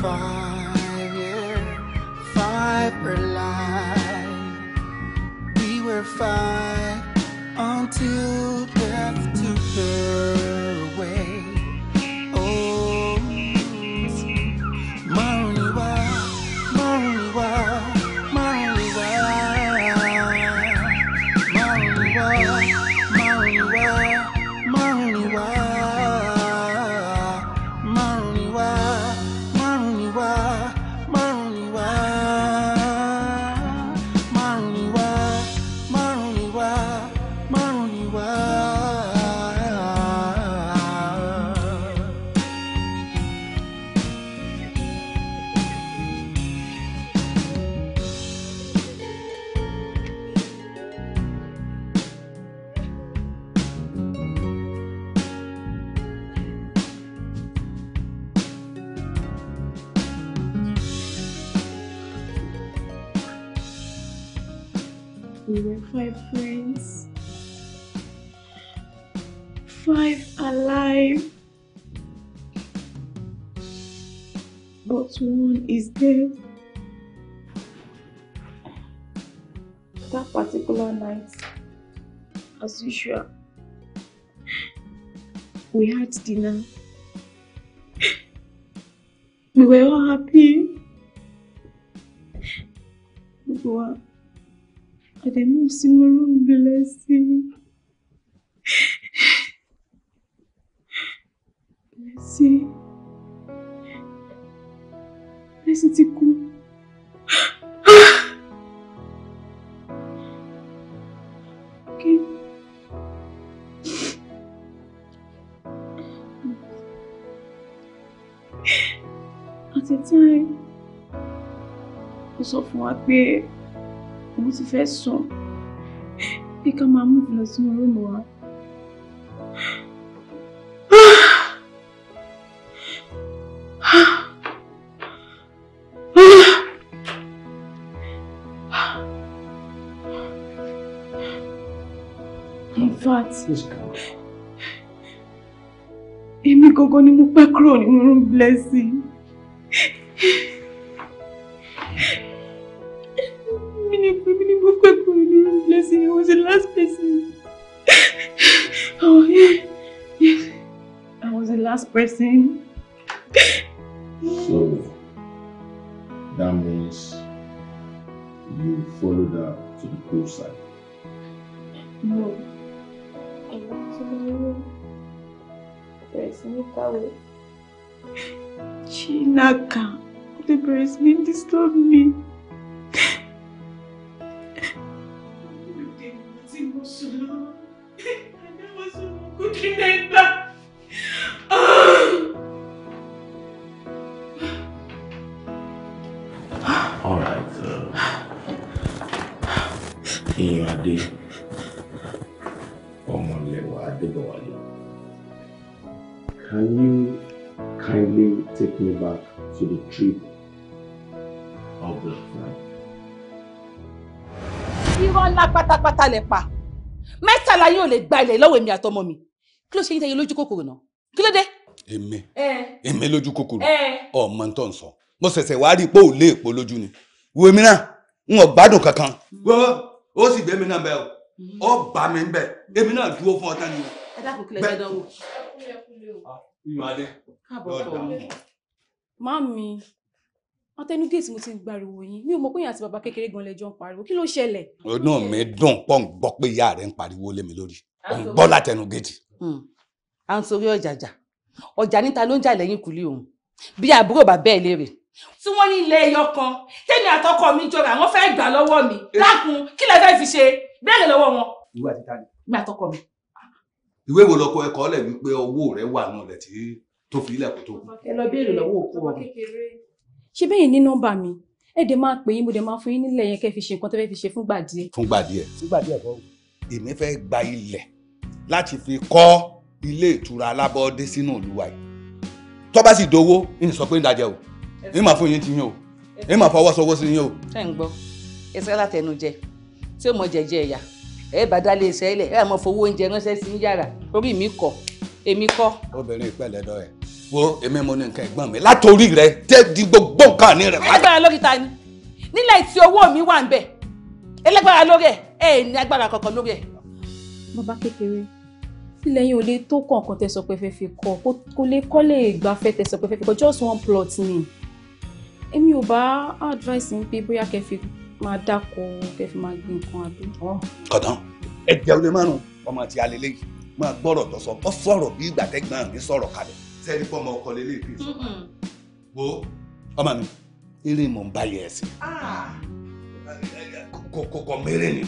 far at dinner. We were all happy. Gbogbo wa, àdèmú sínú fún wa pé òun ti fẹ́ sùn pé ká máa mú lọ sínú rúùmù wa. In fact, èmi gangan ni mo pẹ́ kúrò nínú rúùmù blessing. last person. so, that means you followed her to the side. No. I went to my room. Bẹ̀rẹ̀ sí ní kàwé. Chinaka, ó ti bẹ̀rẹ̀ sí ní disturb me. I never saw no good remember. adé ọmọlẹ́wà adébọ̀wálé can you kindly take me back to the trip of Black Friday. irọ́ ńlá pátápátá lẹ pa mẹ́tàlá yóò lè gba ilẹ̀ lọ́wọ́ èmi àtọmọ mi kí ló ṣe yín tẹ́yẹ lójú kòkòrò náà kí ló dé. èmi èmi lójú kòkòrò ọmọ tó ń sọ mo ṣẹ̀ṣẹ̀ wá rí i pé ò lè èpo lójú ni wo mi náà n ò gbádùn kankan. gbọ́ ó sì gbé mi náà bẹ́ẹ̀ o mm-hmm. ó bá mi bẹ́ẹ̀ èmi náà dúró fún ọtá ni. ẹ dákun kílẹ̀ jẹ́ dánwò. ìmọ̀lẹ́ lọ́dọ̀. Mami, ọtẹnu géètì mo ti ń gbariwo yín mi ò mọ pé èèyàn àti bàbá kékeré gan lẹjọ ń pariwo kí ló ṣẹlẹ̀. inú mi dùn pọ̀ ń gbọ́ pé ìyá rẹ̀ ń pariwo lé mi lórí ò ń gbọ́ látẹnu géètì. Hmm. à ń sori ọjà jà ọjà níta ló ń jà lẹ́yìn kùlé òun bí àbúrò bàbá ẹ̀ léèrè tí wọ́n ní ilé ẹyọ kan tèmi àtọkọ mi jọra àwọn fẹ́ gbà lọ́wọ́ mi lákun eh. kí lẹ fẹ́ fi ṣe béèrè lọ́wọ́ wọn. ìwé àti tani. mi àtọkọ mi. ìwé wo lọkọ ẹkọ lẹ wípé owó rẹ wà náà lẹ tí tó fi ilẹ̀ kó tó. ẹ lọ béèrè lọ́wọ́ òkú wa. ṣé bẹ́ẹ̀ ní nọ́mbà mi ẹ dẹ̀ máa pè yín mo dẹ̀ máa fún yín nílẹ̀ yẹn kẹ́ fi ṣe nǹkan tẹ́ fẹ́ fi ṣe fúngbà díẹ̀. fúngbà díẹ̀. fúngbà díẹ̀ kọ́. èmi fẹ́ gba ilẹ̀ láti fi kọ́ ilé ìtura alábọ́ọ́dé sínú ìlú wa yìí tó bá sì dowó ń sọ pé ń dájẹ́ o èyí máa fún yín ti yín o èyí máa fọwọ́ sọwọ́ sí yín o. ṣé ń gbọ́ ẹsẹ̀ látẹnu jẹ tí ó mọ jẹjẹ ẹ̀yà ẹ bá dálé iṣẹ́ ilẹ̀ ẹ máa fowó oúnjẹ ránṣẹ́ sí yàrá orí mi kọ èmi kọ́. obìnrin ìpẹ́lẹ̀ dọ́ ẹ̀ wo èmi mo ní nǹkan ẹ̀gbọ́n mi látòrí rẹ tẹ́ di gbogbo nǹkan ní rẹ. alágbára lórí ta ni nílẹ̀ tí owó mi wà ń bẹ̀ ẹlẹ́gbára lórí ẹ̀ ẹ̀ ní agbára kankan lórí ẹ̀. bàbá kékeré ilẹ̀ yín ò lè tó kọ̀ọ̀kan tẹ́ fi kọ́ kó lè kọ́ lè gbafẹ́ tẹ́ fi kọ́ just one plot ni èmi ò bá advice ń pé bóyá kẹ́ fi máa dáko kẹ́ fi máa gbin nǹkan àbí. kọ̀dán ẹgbẹ́ olè márùn-ún ọmọ àti alẹ́lẹ́ yìí máa gbọ́rọ̀ tó sọ ọ sọ̀rọ̀ bí ìgbà tẹ́gbọ́n mi sọ̀rọ̀ kalẹ̀ sẹ́ni pọ́ ọmọ ọkọ lélẹ́ ìpín sọ wo ọmọ mi eré mọ̀ ń báyẹ̀ ẹ̀ sí ah! kòkò mẹ́rẹ̀ ni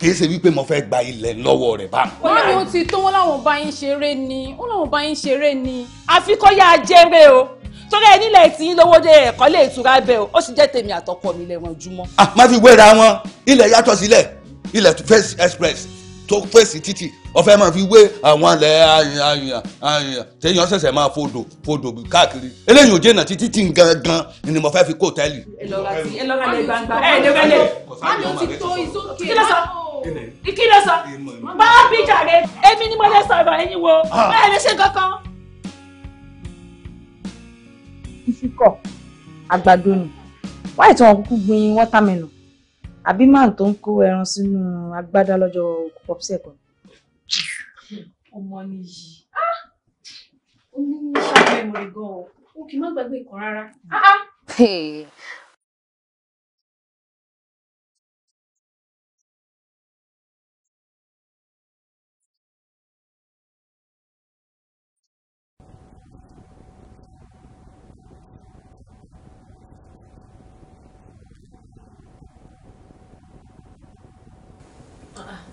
kìí ṣe wípé mo fẹ́ gba ilẹ̀ lọ́wọ́ rẹ̀ bá mi. wọ́n ní o ti tó wọn láwọn bá yín ṣeré ni wọ́n láwọn bá yín ṣeré ni àfikọ́ yá jẹ́rẹ́ o torí ẹ nílẹ̀ tí ń lówó dé ẹ̀kọ́ lè tura bẹ́ẹ̀ o ó sì jẹ́ tèmi àtọkọ mi lẹ́wọ̀n jùmọ́. a ah, má fi wéra wọn ilẹ̀ yàtọ̀ sílẹ̀ ilẹ̀ tó fèsì express tó fèsì títì ọ̀fẹ́ máa fi wé àwọn ilẹ̀ àyàn àyàn àyàn téèyàn ṣẹ̀ṣẹ̀ máa fodò fodò káàkiri eléyìí ò jẹ́nà títí tí gangan ni mo fẹ́ fi kó tẹ́lì. ẹ lọ́ra ti ẹ lọ́ra lẹ gbangba ẹ lọ́ra lẹ. wọ́n ti tó ìsókè. kí ló sọ kí ló sọ báwọn bíjà rẹ èmi ni mo lè sọ̀rọ̀ ẹ̀yin wo ah. báyìí lè ṣe kankan ṣíṣíkọ̀ àgbàdo nù wáyé tí wọn kúkú gbin wọ́tàmẹ́nù àbí máà tó ń kó ẹran sínú agbádá lọ́jọ́ pọ́pṣẹ̀ kan. ọmọ mi yìí ah! ó ní sábẹ́ mọ̀ ẹ̀gọ́ o kì í má gbàgbé ìkan rárá. Ah, ah!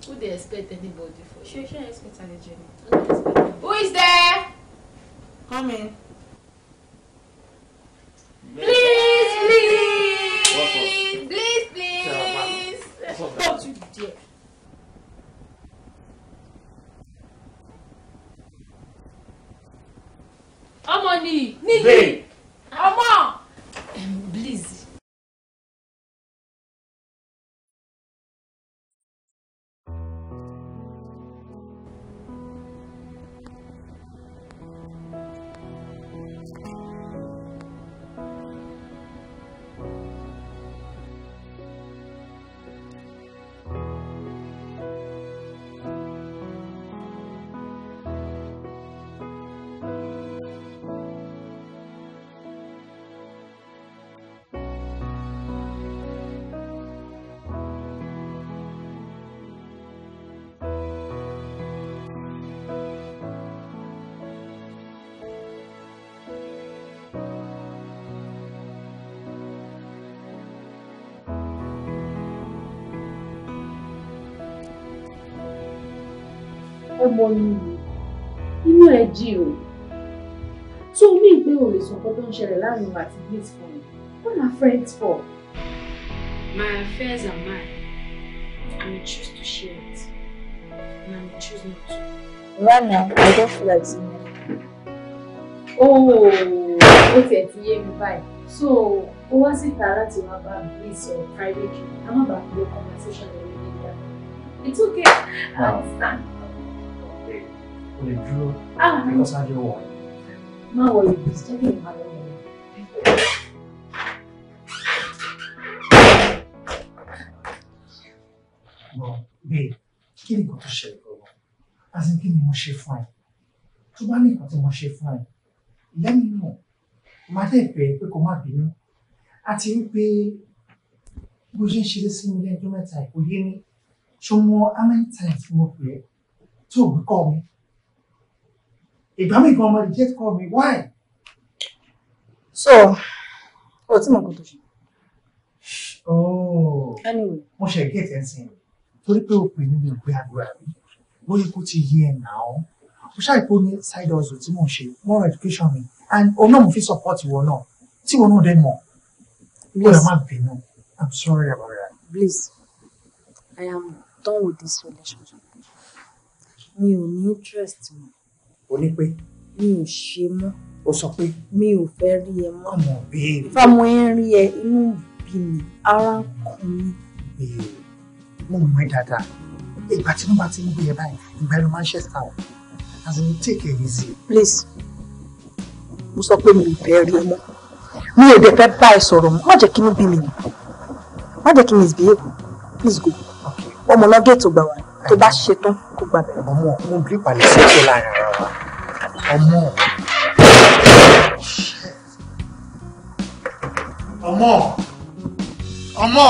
Who they expect anybody for? She shouldn't expect journey. Who is there? Come in. Please, please, please, please. Don't you dare. Amani, nìyí nìyí jí o tó o ní ìgbé òòlù sọ nǹkan tó ń ṣẹlẹ̀ láàrin wa àti Blitz fún mi what are friends for. my affairs are mine I choose to share it and I choose not to. right now I don't feel like saying anything. ooo oh, ó tiẹ̀ ti yé mi báyìí so ó wá síta láti wá bá Blitz sọ privately a má bàa fi conversation lórí nígbà it's okay I understand o lè dúró because I dey worry. má wọlé please jẹ́ kí n máa lọ wọlé. bọ̀ bẹ́ẹ̀ kí ni nǹkan tó ṣẹlẹ̀ lọ́wọ́ àti kí ni mo ṣe fún ẹ tó bá ní nǹkan tí mo ṣe fún ẹ lẹ́nu náà má dẹ̀ bẹ̀ pé kó má bínú àti wípé bó ṣe ń ṣeré sí mi lẹ́jọ́ mẹ́ta ìkòyé ni ṣó mọ how many times mo tó gbé kọ́ mi ìgbà mi gan ọmọ reject call mi why. so o tí mo kò tó ṣe. Oh. anyway. mo ṣe gate ẹ̀ sìn torí pé o pè mí mi ò pé àdúrà mi bóyá kó ti yí ẹ̀ nà ọ́ mo ṣáà kó ní side hustle tí mò ń ṣe more education mi and òun náà mo fi support ìwọ náà tí ìwọ náà dé mọ̀ ìwọ ẹ̀ má bínú i'm sorry about that. please i am done with this relationship mi ò ní interest mọ́ ní pé. mi ò ṣe mọ́. ó sọ pé. mi ò fẹ́ rí ẹ mọ́. ọmọ béèrè. ìfàmù ẹ ẹ inú bí mi ara ń kùn mí. béèrè mo mọ̀ ẹ́ dáadáa ìgbà tí wọ́n bá ti ń gbé ẹ báyìí ìgbà ló máa ń as in take it easy. please mo sọ pé mi ò fẹ́ rí ẹ mọ́ mi ò dẹ̀ fẹ́ bá ẹ sọ̀rọ̀ mọ́ má jẹ́ kí inú bí mi má jẹ́ kí n misbehave please go ọmọ náà géètì ògbà wa tó bá ṣe tán kó gbà bẹ̀rẹ̀. ọmọ mo bí ìpàdé sí ìṣẹ́ láàrin ara ọmọ ọmọ ọmọ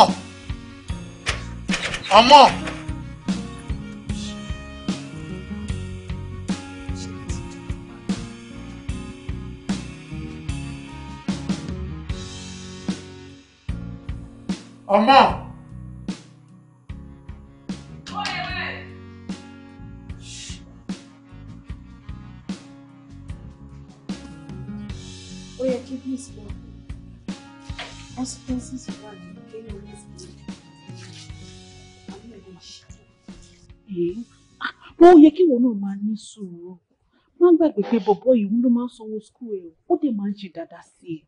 ọmọ. on. bó yẹ kí wọn náà máa ní sùúrù má gbàgbé pé bọ̀bọ̀ yìí ló máa ń sanwó skul ẹ̀ ó dẹ̀ máa ń ṣe dáadáa sí ẹ̀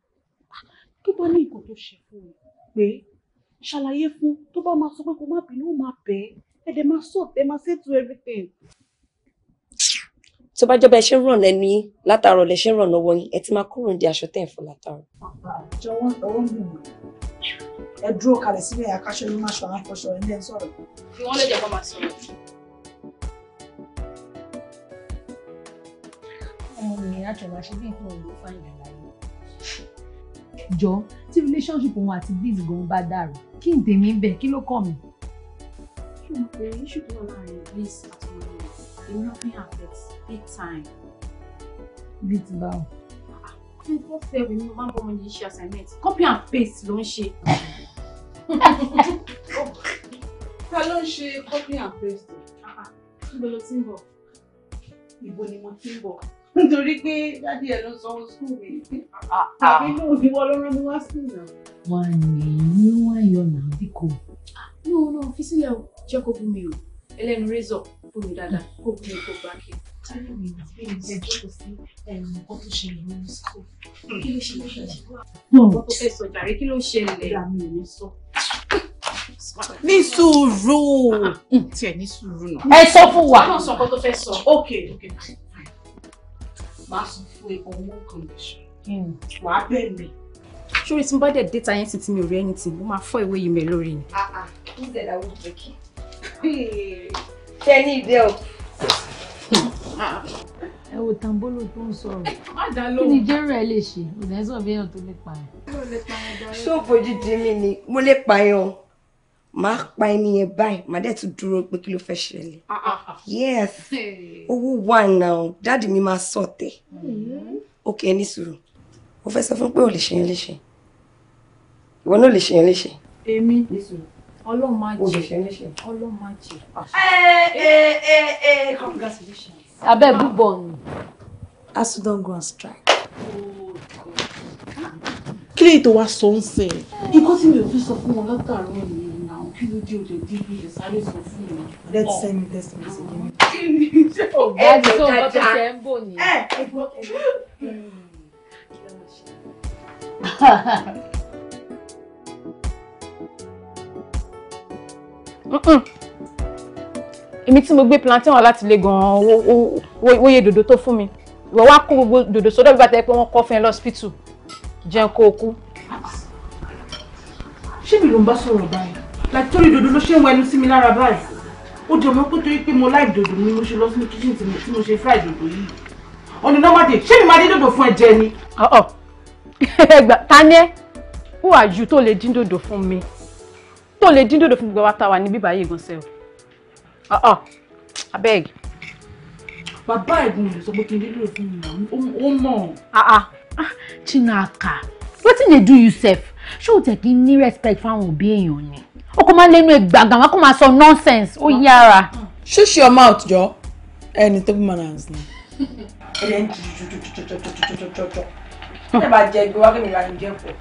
kí bá ní nǹkan tó ṣe fún ẹ pé ṣàlàyé fún tó bá máa sọ pé kó má bínú ó máa bẹ̀ ẹ́ ẹ̀ dẹ̀ máa sọ ẹ̀ máa ṣètò everything. tó bá jọba ẹ ṣe ń ràn lẹ́nu yín látàárọ̀ lẹ ṣe ń ràn lọ́wọ́ yín ẹ ti máa kúrò ní aṣọ tẹ̀ ń fún látàárọ̀. jọ̀wọ́ ọwọ́ mi ẹ dúró kalẹ̀ síbẹ̀ àkáṣe ló má ṣọ àwọn afọṣọ ẹ̀ ń lẹ́ sọ̀rọ̀. kí wọ́n sọ̀rọ̀. mọ́ mi ní àjọ máa ṣe bí nǹkan òòlù fáyìn láyé. jọ tí relationship òun àti Big gan bá dàrú kí n tèmi bẹ kí ló kàn mí. ṣé mo pè é ṣùgbọ́n láàrin Big àtọmọ rẹ̀ èmi ló fi affect big time. Big ti báwo. kí n tó fẹ́ mi mo máa ń bọ́ ọmọ yìí ṣe assignment copy and paste ló ń ṣe. ta ló ń ṣe copy and paste? Ah, ah. níbo ló ti ń bọ̀? ibo ni mo ti ń bọ̀? nítorí pé dádì ẹ ló sanwó skul mi ah, tàbí lóun ah. ti wọ́n ló rán mi wá skul náà. wọn ní wọn yọ náà bí kò. ní òun náà fi sílẹ̀ o jẹ́ kó fún mi o ẹlẹ́nu rẹ́zọ̀ fún mi dáadáa kó kí n kó gbà kí. táyọ̀ mi náà fi ìgbẹ́ jókòó sí eh, nǹkan tó ṣẹlẹ̀ nínú skul kí ló ṣẹlẹ̀ ṣẹlẹ̀ wá. ọkọ tó fẹ́ sọ jàre kí ló ṣẹlẹ̀. ìyá mi ò ní ní sùúrù. Ah, tiẹ̀ ní sùúrù náà. ẹ sọ fún wa. ọlọ́sọ̀kọ tó fẹ́ sọ. ok ok máa sọ fún ẹ on one condition wàá bẹ̀ mí. sórí tí mo bá dẹ̀ déta yẹn sì tí mi ò rí ẹni tì mo máa fọ́ ìwé yìí mẹ́ lórí ni. Ah, ah. who said I would break it? ṣe ní ìdí ọ̀. Ah. ẹ wo tambolo tó ń sọ̀rọ̀ kí ni jẹ́rọ ẹ lè ṣe òdẹ́sọ̀ bí èèyàn tó lè pààyàn. ṣó fojú di mí ni mo lè pààyàn máa pa ẹni yẹn báyìí màá dẹ̀ tún dúró pé kí ló fẹ́ ṣẹlẹ̀ yes hmm. owó wà náà dáàdì mi máa sọ tẹ̀ hmm. ok ní sùúrù mo fẹ́ sọ fún pé ò lè ṣe yẹn léṣe ìwọ náà lè ṣe yẹn léṣe. èmi ọlọ́run máa jẹ ọlọ́run máa jẹ. ẹ ẹ ẹ ẹ congratulations. abẹ́ búbọ̀ ni asu don go on strike. Oh, kí lè tó wá sọ ń sìn. ikú tí mi ò fi sọ fún wọn látàárọ̀ nìyẹn kí ló dé òde dé bí ìṣe sáré sọ fún mi. ọ̀rẹ́ ti me text message mi. kí ni iṣẹ́ ògbà tó ń bá ṣe ń bò ní. ẹ ẹ gbọ́ ẹ gbọ́. èmi tí mo gbé plantain wá láti ilé gan-an wóye dòdò tó fún mi ìwọ wá kó gbogbo dòdò sódò bí bá tẹ pé wọ́n kọ́ fún ẹ lọ́sípítù jẹun kó o kú. ṣé mi ló ń bá sọ̀rọ̀ báyìí. Like torí dòdò ló ṣe ń wẹnu sí mi lára báyìí ó jọ mọ́ pé torí pé mo láì dòdò mi mo ṣe lọ sínú kíchìn tí mo ṣe fry dòdò yìí ọ̀nà náà má dé ṣé mi máa dé dòdò fún ẹ jẹ ni. ẹgbà ta ni ẹ who are you tó lè dín dòdò fún mi tó lè dín dòdò fún gbogbo wa ta wà ní bíbá yìí gan sẹ́wọ̀ abeg. bàbá ẹ̀gbọ́n rẹ̀ sọ pé kí n dé dòdò fún mi ó mọ̀. Ah, ah. Ah, Chinaka wetin dey do you sef ṣé o tẹ̀ kí n ní respect fáwọn òbí èèyàn ni ó kó máa lẹ́nu ẹgbàgbà wọn kó máa sọ nonsense ó yára. shut your mouth jọ ẹni tó bí manners ni. ẹlẹ́ni jọjọjọjọjọjọjọjọ ẹ bá jẹ gbé wá kí mi ra ìjẹ pọ̀.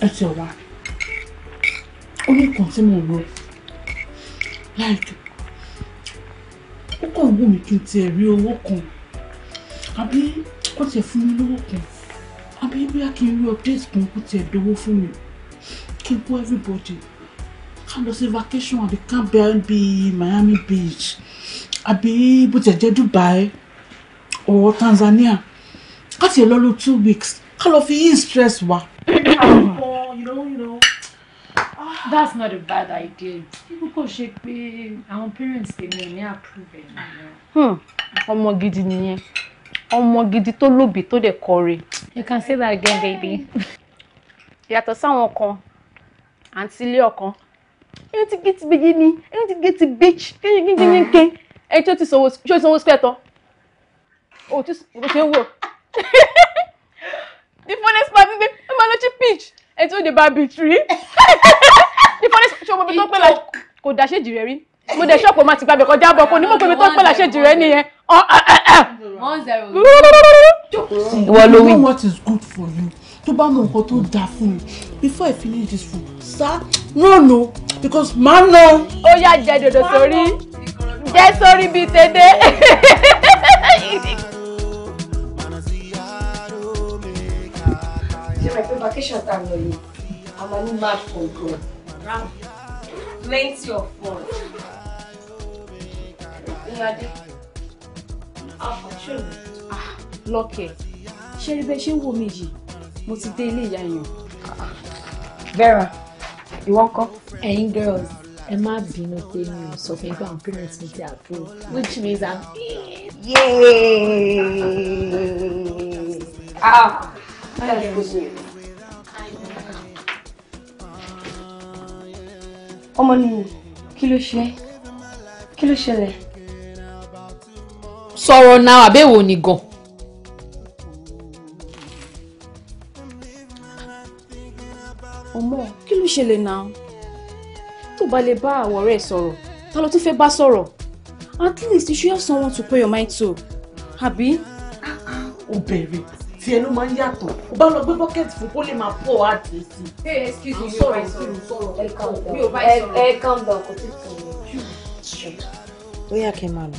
ẹ ti ọ̀wá ó ní kàn tí mo rò láìpẹ́ ó kàn wù mí kí n tiẹ̀ rí owó kan àbí kò tiẹ̀ fún mi lówó kan àbí bóyá kí n rí update kan kò tiẹ̀ dówó fún mi kí n kó everybody ká lọ sí vacation àbí ká bẹ́ẹ̀ bí Miami Beach àbí bó tiẹ̀ jẹ́ Dubai or Tanzania ká tiẹ̀ lọ lọ two weeks ká lọ fi ease stress wa. you know, you know. Ah. That's not a bad idea. People kò ṣe pé àwọn parents dey ní approve ẹ̀ nìyẹn. Hmm. ọmọ gidi nìyẹn ọmọ gidi tó lóbi tó dẹ̀ kọre. you can say that again baby. yàtọ̀ sáwọn kan àǹtí ilé ọ̀kan ẹni tí gẹ́tì bẹ́yẹ ni ẹni tí gẹ́tì bẹ́ẹ̀jì kéyìnkíyìnkí ẹni tí ó ti sanwó tí ó ti sanwó square tán o ti o ti wò the funnest part is pé ẹ máa lọ sí beach ẹni tí ó dé bá beach the funnest ṣé o mọ ibi tó pẹ́ la kò dá ṣéjì rẹ̀ rí mo dẹ̀ ṣọ́ọ̀pù máa ti gbàgbẹ́ kọjá bọ̀ kò ní mọ̀ pé tó ń pẹ́ làṣẹ́jì rẹ nìyẹn. ìwọ ló wí. know what is good for you tó bá mọ nǹkan tó dáa fún mi before i finish this food sá No, no. because màá nà o. ó yá jẹ dòdò sórí jẹ sórí bíi tèdè. vacation ta lọ i'm a new man for god plenty of fun. Adé. Àfọ̀ṣọ́ mi. Lọ́kẹ̀, ṣé rí bẹ́ẹ̀ ṣé ń wò mí yìí? Mo ti dé ilé ìyá yẹn. Vera, ìwọ ńkọ́? Ẹ̀yin girls, ẹ má bínú pé mi ò sọ fún ẹgbẹ́ àwọn parents mi ti approve which means I'm yay. Ah, ah, that's good news. ọmọ nìyí kí ló ṣe kí ló ṣẹlẹ̀ sọ̀rọ̀ náà àbẹ̀wò ni gan. ọmọ kí ló ṣẹlẹ̀ náà tó bá lè bá àwọn ọ̀rẹ́ sọ̀rọ̀ ta ló tún fẹ́ bá sọ̀rọ̀ at least you should have someone to pay your mind to àbí. O bẹ̀rẹ̀ tí ẹnu máa ń yàtọ̀ ó bá lọ gbé bọ́kẹ́tì fún kó lè máa pọ̀ àdé sí i. ẹ excuse me sọ̀rọ̀ sọ̀rọ̀ sọ̀rọ̀ ẹ calm down kò tí ì sọ̀rọ̀. ó yá kí n máa lọ.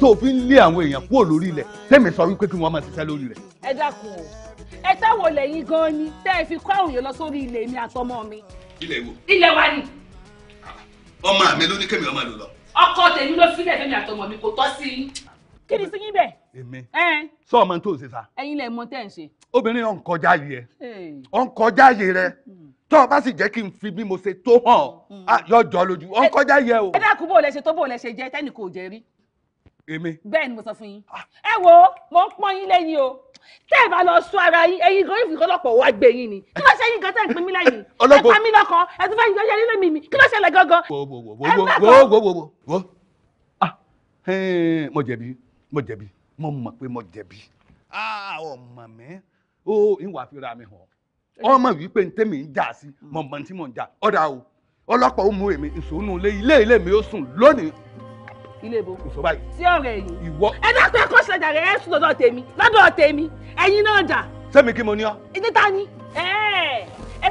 tó fi ń lé àwọn èèyàn kúrò lórí ilẹ̀ tẹ́mi sọ wípé kí wọ́n máa ṣiṣẹ́ lórí rẹ̀. ẹ dákun o ẹ táwo lẹ́yìn gan-an ni tẹ́ ẹ fi kọ́ àwọn èèyàn lọ sórí ilẹ̀ mi àtọmọ mi. ilẹ̀ wo. ilẹ̀ wa ni. ọmọ mi ló ní kémi ọmọ ló lọ. ọkọ tèmi ló fílẹ̀ fẹ́mi àtọmọ mi kò tọ́ sí i. kí ni sí yín bẹ́ẹ̀. èmi sọ ọmọ tó ṣe sa. ẹ̀yin lẹ mọ̀ tẹ́ ń ṣe. obìnrin ọ̀ ń kọjá yìí ẹ ọ̀ ń kọjá yìí rẹ tọ́ ọ bá sì jẹ́ kí n fi bí mo ṣe tó hàn mm. yọjọ́ lójú ọ̀ kọjá yìí ẹ o. ẹ dákun bó o lẹ ṣe tó bó o lẹ ṣe jẹ tẹ́nì jẹ rí èmi. bẹ́ẹ̀ ni mo sọ fún yín ẹ wo mo ń pọ́n yín lẹ́yìn o tẹ́ ẹ bá lọ sọ ara yín ẹ̀yin gan ìfìkọ́ lọ́pọ̀ wá gbé yín ni kí ló ṣe yín gan tẹ́ ẹ̀ pín mí lẹ́yìn ẹ̀ pa mí lọ́kàn ẹ̀ tún fẹ́ yín gan ṣe nílé mi mi kí ló ṣẹlẹ̀ gangan. wo wo wo wo wo wo wo ah mo jẹ̀bi mo jẹ̀bi mo mọ̀ pé mo jẹ̀bi ah ọmọ mi ó ìwà fira mi hàn ọmọ wípé ntẹ́mi ń jà sí mọ̀mọ́ tí mò ń jà ọ̀dà o ọlọ́pàá ó mú èmi ìṣòwò nù ilé ilé mi ó sùn lónìí ilé ibo sí ọ̀rẹ́ yìí ẹ dákun ẹ̀kọ́ ṣẹjà rẹ̀ ẹ̀ sùn lọ́dọ̀ tèmi lọ́dọ̀ tèmi ẹ̀yin náà dà. sẹ́mi kí mo ní ọ. ìdí ta ni ẹ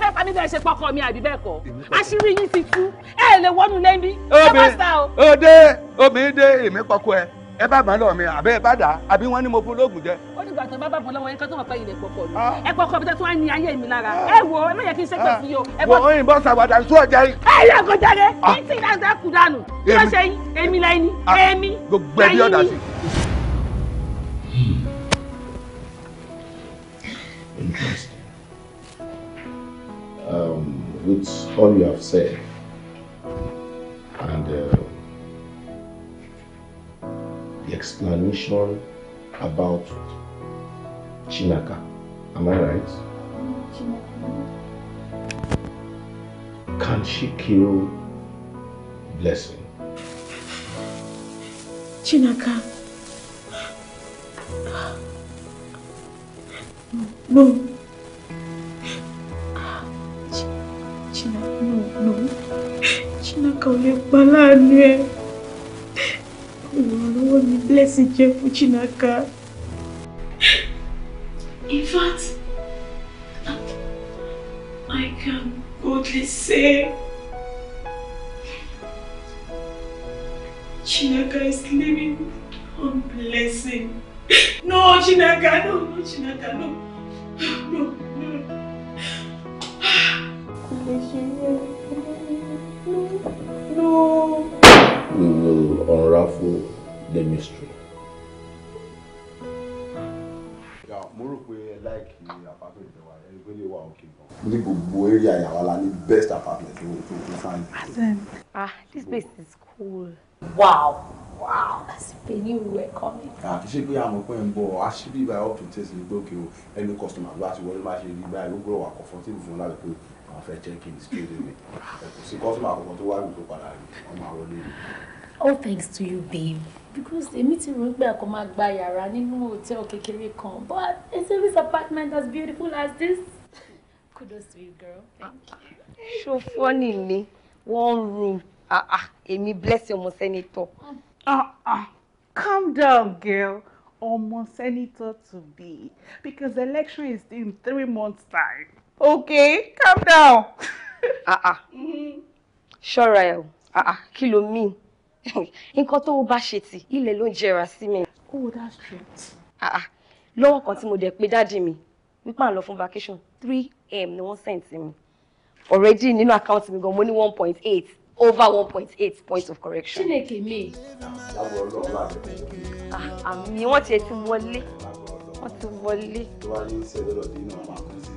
fẹ́ fani bẹ́ẹ̀ ṣe pọkọ mi àbí bẹ́ẹ̀ kọ́ àṣírí yín ti tú ẹ lè wọnú lẹ́bí. obìnrin obìnrin dé èmi pọkọ ẹ ẹ bá bàá lọ mi àbẹ ẹ bá dà àbí wọn ní mo fún jẹ. ó ní gbàtàn bá bàbá lọ́wọ́ yẹn kó tó ilẹ̀ pọ̀pọ̀ ni ah. ẹ pọ̀pọ̀ bíi tó wá ní ayé mi lára ah. ẹ wo ẹ má yẹ kí n ṣe pẹ̀ sí o. wo oyin bọ́ sàwádà sọ ọjà yìí. ẹ yẹ kó jáde ah. kí n tí ìdáǹdà kù dànù kí ló ṣe èmi lẹ́yìn ni èmi lẹ́yìn ni. Interesting. Um, with all you have said and uh, the explanation about Chinaka. Am I right? Can she kill Blessing? Chinaka. No. Chinaka, no, no. Chinaka, ò lè pa láàánú ẹ olùrànlọ́wọ́ mi blessing jẹ́ fún Chinaka. In fact, I can boldly say Chinaka is living on blessing. No, Chinaka, no, no, Chinaka, no. No, no. No. No. no to unravel the mystery. ní gbogbo area yàrá la ní best apartment tó tó tó fáyé. ah this place is cool. wow wow àsìkò ní ìwé ẹ̀kọ́ mi. àti ṣé pé àmọ́ pé ń bọ̀ àṣírí ìgbà up to test ní gbòkè o ẹni customer bá ti wọlé má ṣe rí báyìí ó gbọ́dọ̀ wà comfortable fún láti pé àwọn fẹ́ check in straight away kò sí customer àkọ́kọ́ tó wá ìlú tó padà rí ọmọ àwọn olóyè all thanks to you babe because èmi ti rò pé àkọ́ máa gba yàrá nínú hòtẹ́ẹ̀lì kékeré kan but a service apartment as beautiful as this kudos to you girl thank you. So funny, ni one room ah, ah, èmi bless ọmọ sẹ́nitọ́. Ah, calm down girl ọmọ sẹ́nitọ́ to be because election is in three months time okay calm down. Ah ah. Mm-hmm. ṣọ́ra ẹ̀ Ah kí ló mean nǹkan tó bá ṣe tì ilẹ̀ ló ń jẹra sí mi. oh that's true. Ah, ah. lọ́wọ́ kan tí mo dẹ̀ pé dáàdì mi wípé à ń lọ fún vacation three m ni wọ́n send sí mi already nínú àkáǹtì mi gan mo ní one point eight over one point eight points of correction. chineke mi. Ah, àmì wọ́n tiẹ̀ ti wọlé wọ́n ti wọlé. tó bá ní sẹ́dọ̀ lọ bí náà máa kún sí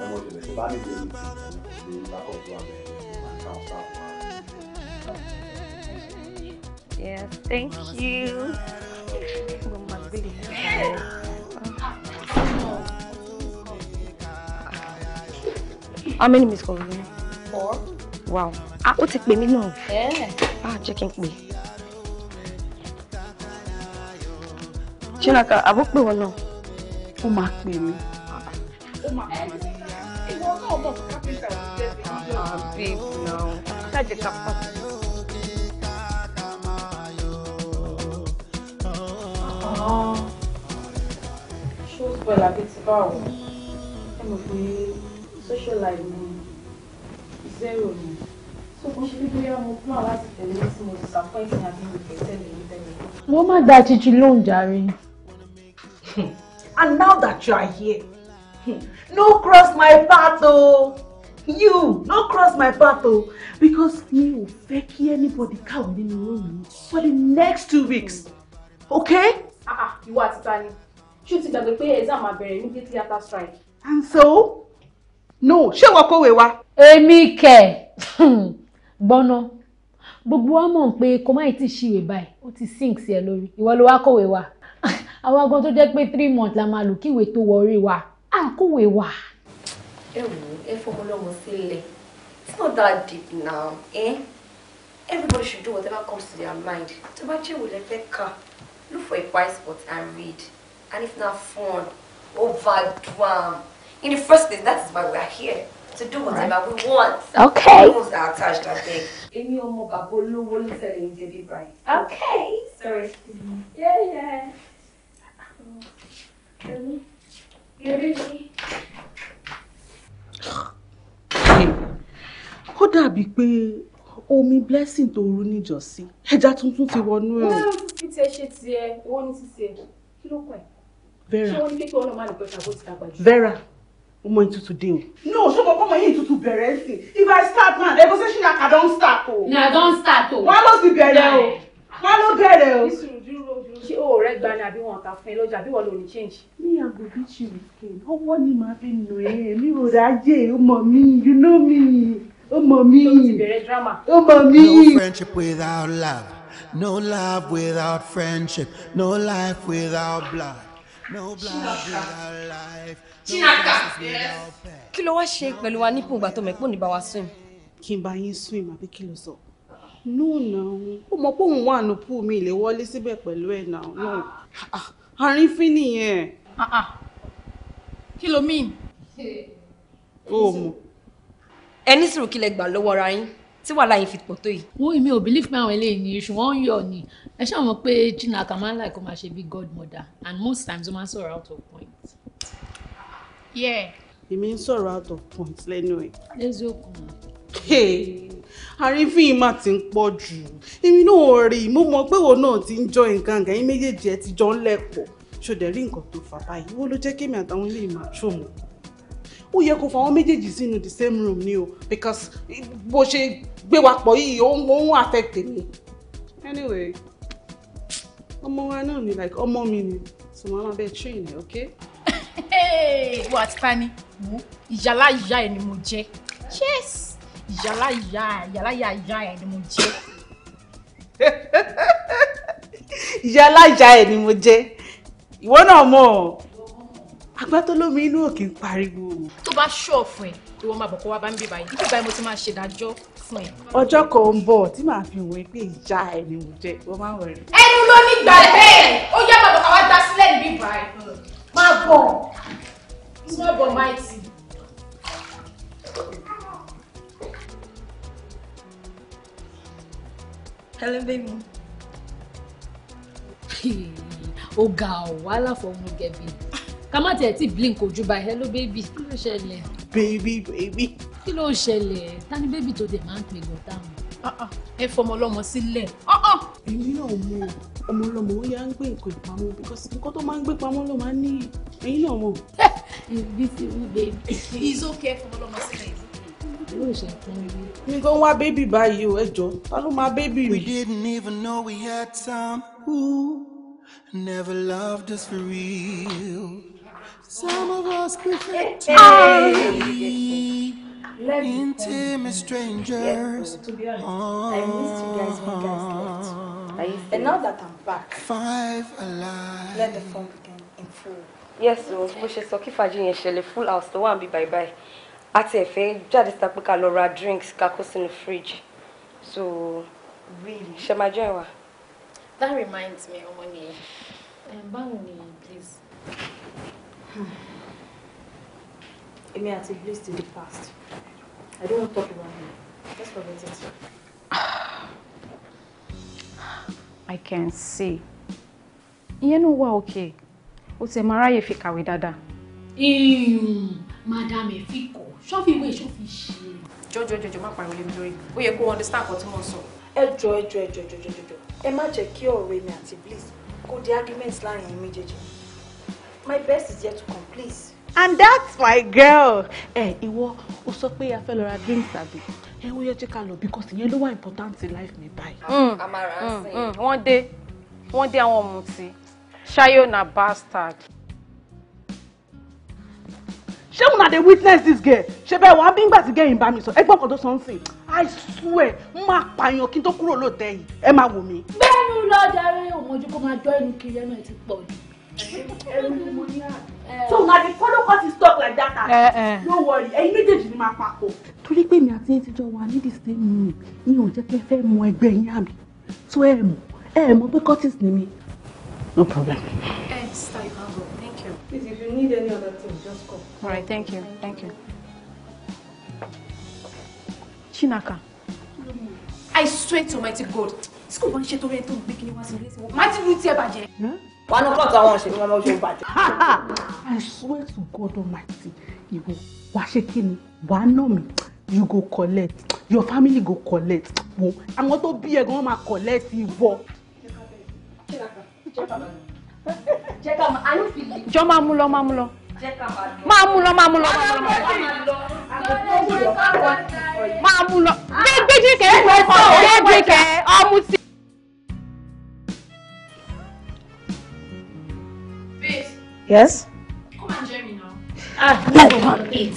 ọmọ ìbẹ̀rẹ̀ tó bá nílé ní ti ìlú ìlú ìlú àkọ́kọ́ àbẹ̀ máa ń ká ọ̀sán. Yeah, thank you. How many miss calls? Four. Wow. Ah, ó ti pè mí náà. Eh. Ah, jẹ́ kí n pè. Chinaka, abo pè wọ́n náà. Ó máa pè mí. Ó máa pè mí. Ìwọ náà bọ̀ kápẹ́ńtà. Ah, babe, now. Ṣáàjì ká pàtó. ṣó spoil àbí ti báwo ẹ mọ̀ pé social life me zero ni so mo ṣe bí bóyá mo plan láti tẹ̀lé tí mo disappoint ní àbí mi kẹ́ tẹ̀lé ní tẹ̀lé. wọ́n má gba títí lóhùn jàre. and now that you are here no cross my path o. you no cross my path o because mi ò fẹ́ kí anybody ká ò nínú oorun for the next two weeks okay Ah, ah, ìwọ àti ni ṣé o ti gbàgbé pé exam máa bẹ̀rẹ̀ immediately after strike. and so no ṣé ìwọ kò wé wa. èmi kẹ gbọ́nà gbogbo wa mọ̀ pé kò má ti ṣíwè báyìí ó ti sink sí ẹ lórí ìwọ ló wá kọ̀wé wa àwọn agan tó jẹ́ pé three months la máa lò kíwèé tó wọrí wa à kọ̀wé wa. ẹ wò ó ẹ fọmọ lọmọ sílẹ̀ it's not that deep now eh? everybody should do whatever comes to their mind tó bá jẹ́ ìwòlẹ́fẹ́ kan look for a quiet spot and read. And if not fun, overdwam. In the first place, that is why we are here. To do whatever right. we want. Okay. Those are attached, I think. Èmi ọmọ bàbá olówó ló tẹ̀lé ń débi báyìí. Okay. Sorry. Mm-hmm. Yeah, yeah. Èmi. Èmi. Ó dàbí pé omi blessing tó rú níjọ́sí ẹja tuntun ti wọnú ẹ. bí tiẹ̀ ṣe tiẹ̀ owó ní títí ẹ̀ kí ló pẹ̀? vera ṣé wọ́n ní pé kí wọ́n lọ máa lè pẹ́ ṣàkóso ìdàgbà jù. vera ọmọ yìí tútù dé o. no ṣé mo kọ́ ọmọ yìí tútù bẹ̀rẹ̀ sí if i start now the conversation na i don start o. na i don start o. wọ́n ló ti bẹ̀rẹ̀ o wọ́n ló bẹ̀rẹ̀ o. ṣé o rẹ gba ni àbí wọn kà fún ẹ lọ́jà àbí wọn lò ní change. mi àgbo bí chiwike ọwọ́ ni màá fi nù ẹ́ mi ò ráyè ọmọ mi you know me ọmọ mi ọmọ mi. No friendship without love no love without friendship no life without blood no blood without life. Chinaka kí ló wá ṣe pẹ̀lú wa nípò ìgbà tó mẹ́pọ̀ ní bá wa swim. kí n bá swim àbí kí ló No, no náà ó mọ pé òun wà ní pool mi lè wọlé síbẹ̀ pẹ̀lú ẹ̀ náà ah, àárín fín ah, ah. kí ló mean. o ẹni sùúrù kílẹ̀ gbà lọ́wọ́ ara yín tí wàhálà yìí fi pọ̀ tó yìí. wo èmi ò believe pé àwọn eléyìí ni iṣu wọn ń yọ ni ẹ ṣáà mọ̀ pé Chinaka máa ń láì kó máa ṣe bí godmother and most times ó máa ń sọ̀rọ̀ out of point. èmi ń sọ̀rọ̀ out of point lẹ́nu ẹ̀. lẹ́sọ̀kùn. àrífín yìí máa ti ń pọ̀ jù èmi náà rí i mo mọ̀ pé òun náà ti ń jọ nǹkan nǹkan yín méjèèjì ẹ ti jọ ń lẹ̀ pọ̀ ṣòdẹ̀ rí nǹkan tó fà báyìí wọ́n ló jẹ́ kémi àtàwọn ilé ìmọ̀ àṣọ mọ̀ ó yẹ kó fọwọ́ méjèèjì sínú the same room ni o because bó ṣe gbé wa pọ̀ yìí òun affect mi anyway ọmọ wa náà ni like ọmọ mi ni so màá máa bẹ train ẹ ok. ìwọ àti tani wo ìyálà ìyá ẹ ni mo jẹ yes ìyálà ìyá ìyálà ìyá ìyá ẹ ni mo jẹ. ìyálà ìyá ẹ ni mo jẹ ìwọ náà mọ̀ agbátólómi inú òkè ń pariwo. tó bá ṣọ́ fún ẹ ìwọ máa bọ̀ kó wá bá ń bí báyìí dípò báyìí mo ti máa ṣèdájọ́ fún ẹ. ọjọ́ kan ń bọ̀ tí màá fi wọ́n pé ìjà ẹ̀ ni mo jẹ ìwọ máa ń wẹ̀rẹ̀. ẹnu ló ní gbà bẹ́ẹ̀ ó yá bàbá káwá dá sílẹ̀ níbí báyìí máa bọ̀ máa bọ̀ máa tì. hello baby ó ga ọ̀ wá láfọ̀ọ́ gẹ̀ẹ́bí ká má tiẹ̀ tí blink ojú ba hello baby kí ló ṣẹlẹ̀. baby baby. kí ló ṣẹlẹ̀ ta baby tó dé máa ń pè gọ́tà mu. Ah, ah. ẹ fọmọ ọlọmọ sílẹ̀. Ah, èmi náà mọ ọmọ ọlọmọ ó yà ń gbé nǹkan ìpamọ́ because nǹkan tó máa ń gbé pamọ́ ló máa ń ní ẹyin náà mọ. ibi ti wú baby. it's okay fọmọ ọlọmọ sílẹ̀ mi kò ń wá báyìí o ẹ ta ló máa bébì mi. we didn't even know we had time. Ooh. Never loved us for real. Some of us became intimate strangers. Oh, And now that I'm back, five alive. Let the fun begin in full. Yes, o bó ṣe sọ kí fàájì yẹn ṣẹlẹ̀ full house tó wà ń bí bye bye àti fe, jáde síta pé ká lọ ra drinks ká kó sínú fridge so really ṣe máa join wa. that reminds me ọmọ nìyẹn báwo ni Èmi àti Bliss to the past. I don't want to talk about him. Let's forget it. I can see. You know what? Okay. O ti e máa ráyè fi kàwé dáadáa. Ehm, madam Efiko, ṣọ́fi ìwé ìṣọ́fi ṣe. Jọjọ jọjọ má pariwo lé mi lórí. Ó yẹ kó understand kan tí mo sọ. Ẹ joy, joy, joy, joy, joy, jọ jọ jọ. Ẹ má jẹ́ kí ọ̀rọ̀ arguments àti Bliss my best is yet to come please. and that's my girl. ẹ eh, ìwọ o sọ pé a fẹ́ lọ ra drinks àbí ẹ ó yẹ jẹ́ lọ because ìyẹn ló wà important in life mi báyìí. amara ń sìn. wọ́n dé wọ́n dé àwọn ọ̀mùtí ṣayọ na bastard. ṣé na dey witness this girl ṣe bẹ́ẹ̀ wọ́n á bí ń gbà tí gẹ́yìn bá mi sọ ẹgbọ́n kan tó sọ ń sìn i swear n máa pààyàn kí n tó kúrò lóòótẹ́ yìí ẹ máa wò mí. bẹ́ẹ̀ ni lọ́jà rẹ̀ òun ojú kó máa jọ ẹnu kiri ẹnu ẹ̀ ti pọ̀ jù so na the follow cut is talk like that ah no worry ẹyin méjèèjì ni máa papọ̀. torí pé mi àti yín ti jọ wà ní the same room yín ò jẹ́ pé ẹ fẹ́ mọ ẹgbẹ́ yín àmì tó ẹ mọ̀ ẹ mọ̀ pé Curtis ni mi no problem. ẹ eh, ẹ sista you can go thank you. please if you need any other thing just call. Alright, thank you thank you. Chinaka I swear to mighty God school bá ń ṣe torí ẹ tó ń gbé kí ni wá sí ilé ìsìn wọn ti lu tí ẹ bàjẹ́ wọnú kọ́ọ̀tù àwọn òṣèlú ọmọ oṣù bàjẹ́. I swear to God Almighty ìwọ wàá ṣe kí ni wàá nà mí you go collect your family go collect wo àwọn tó bí ẹ gan máa collect ìwọ. jẹ́ ká máa ayé fi lè. jọ máa mú lọ máa mú lọ máa mú lọ máa mú lọ máa mú lọ máa mú lọ gbẹgbẹjẹkẹ gbẹgbẹjẹkẹ ọmú sí. Yes? Come and join me now. Ah, no, no, eat.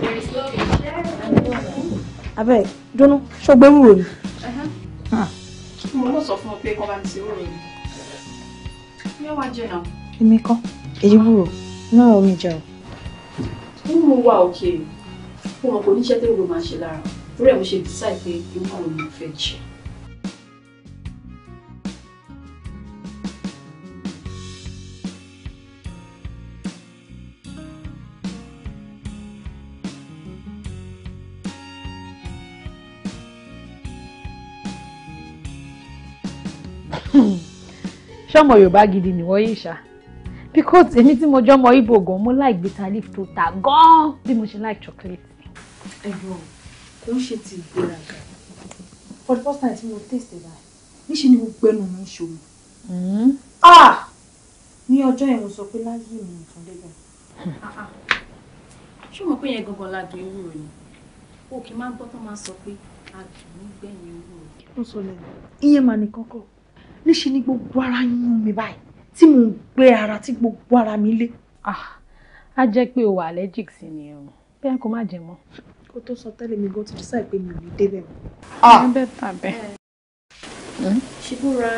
There is love in there. Abeg, Jono, ṣo gbé wúro ni? Uh-huh. Ah. Mo lọ sọ fún ọ pé kọ́ bá mi ṣe wúro ni. Yóò wá jẹ náà. you kọ́, èyí wúro, náà omi jẹ o. Wúro wà òkè, mo mọ̀ kò ní ṣẹ́ tẹ́wúro máa ṣe lára. Orí ẹ̀ mo ṣe decide pé ìwúro mi fẹ́ jẹ. ṣọmọ yorùbá gidi nìwọ yìí ṣá because èmi tí mo jọmọ ibo gan mo like bitter leaf tó ta gan bí mo ṣe like chocolate. ẹ̀gbọ́n kò ń ṣe ti ìgbéraga for the first time tí mo taste ẹ̀ báyìí níṣẹ́ ni mo gbẹ́nu mi ṣòro. Hmm? Ah! ní ọjọ́ yẹn mo sọ pé láyé mi nìkan débẹ̀. ṣé o mọ̀ pé yẹn gangan la dùn ewúro ni o kì í máa ń gbọ́ tó máa sọ pé a dùn ún gbẹ̀yìn ewúro. ó sọ lẹ́nu iye màá ní kọ́kọ́ níṣe ni gbogbo ara yún mi báyìí tí mò ń gbé ara tí gbogbo ara mi lé. Ah, a jẹ́ pé o wà allergic sí ni o bẹ́ẹ̀ kó má jẹ mọ́. kó tó sọ tẹ́lẹ̀ mi gan ti decide pé mi ò ní débẹ̀ mọ́. Ah. ẹ bẹ́ẹ̀ tà bẹ́ẹ̀. Hmm? ṣíbúra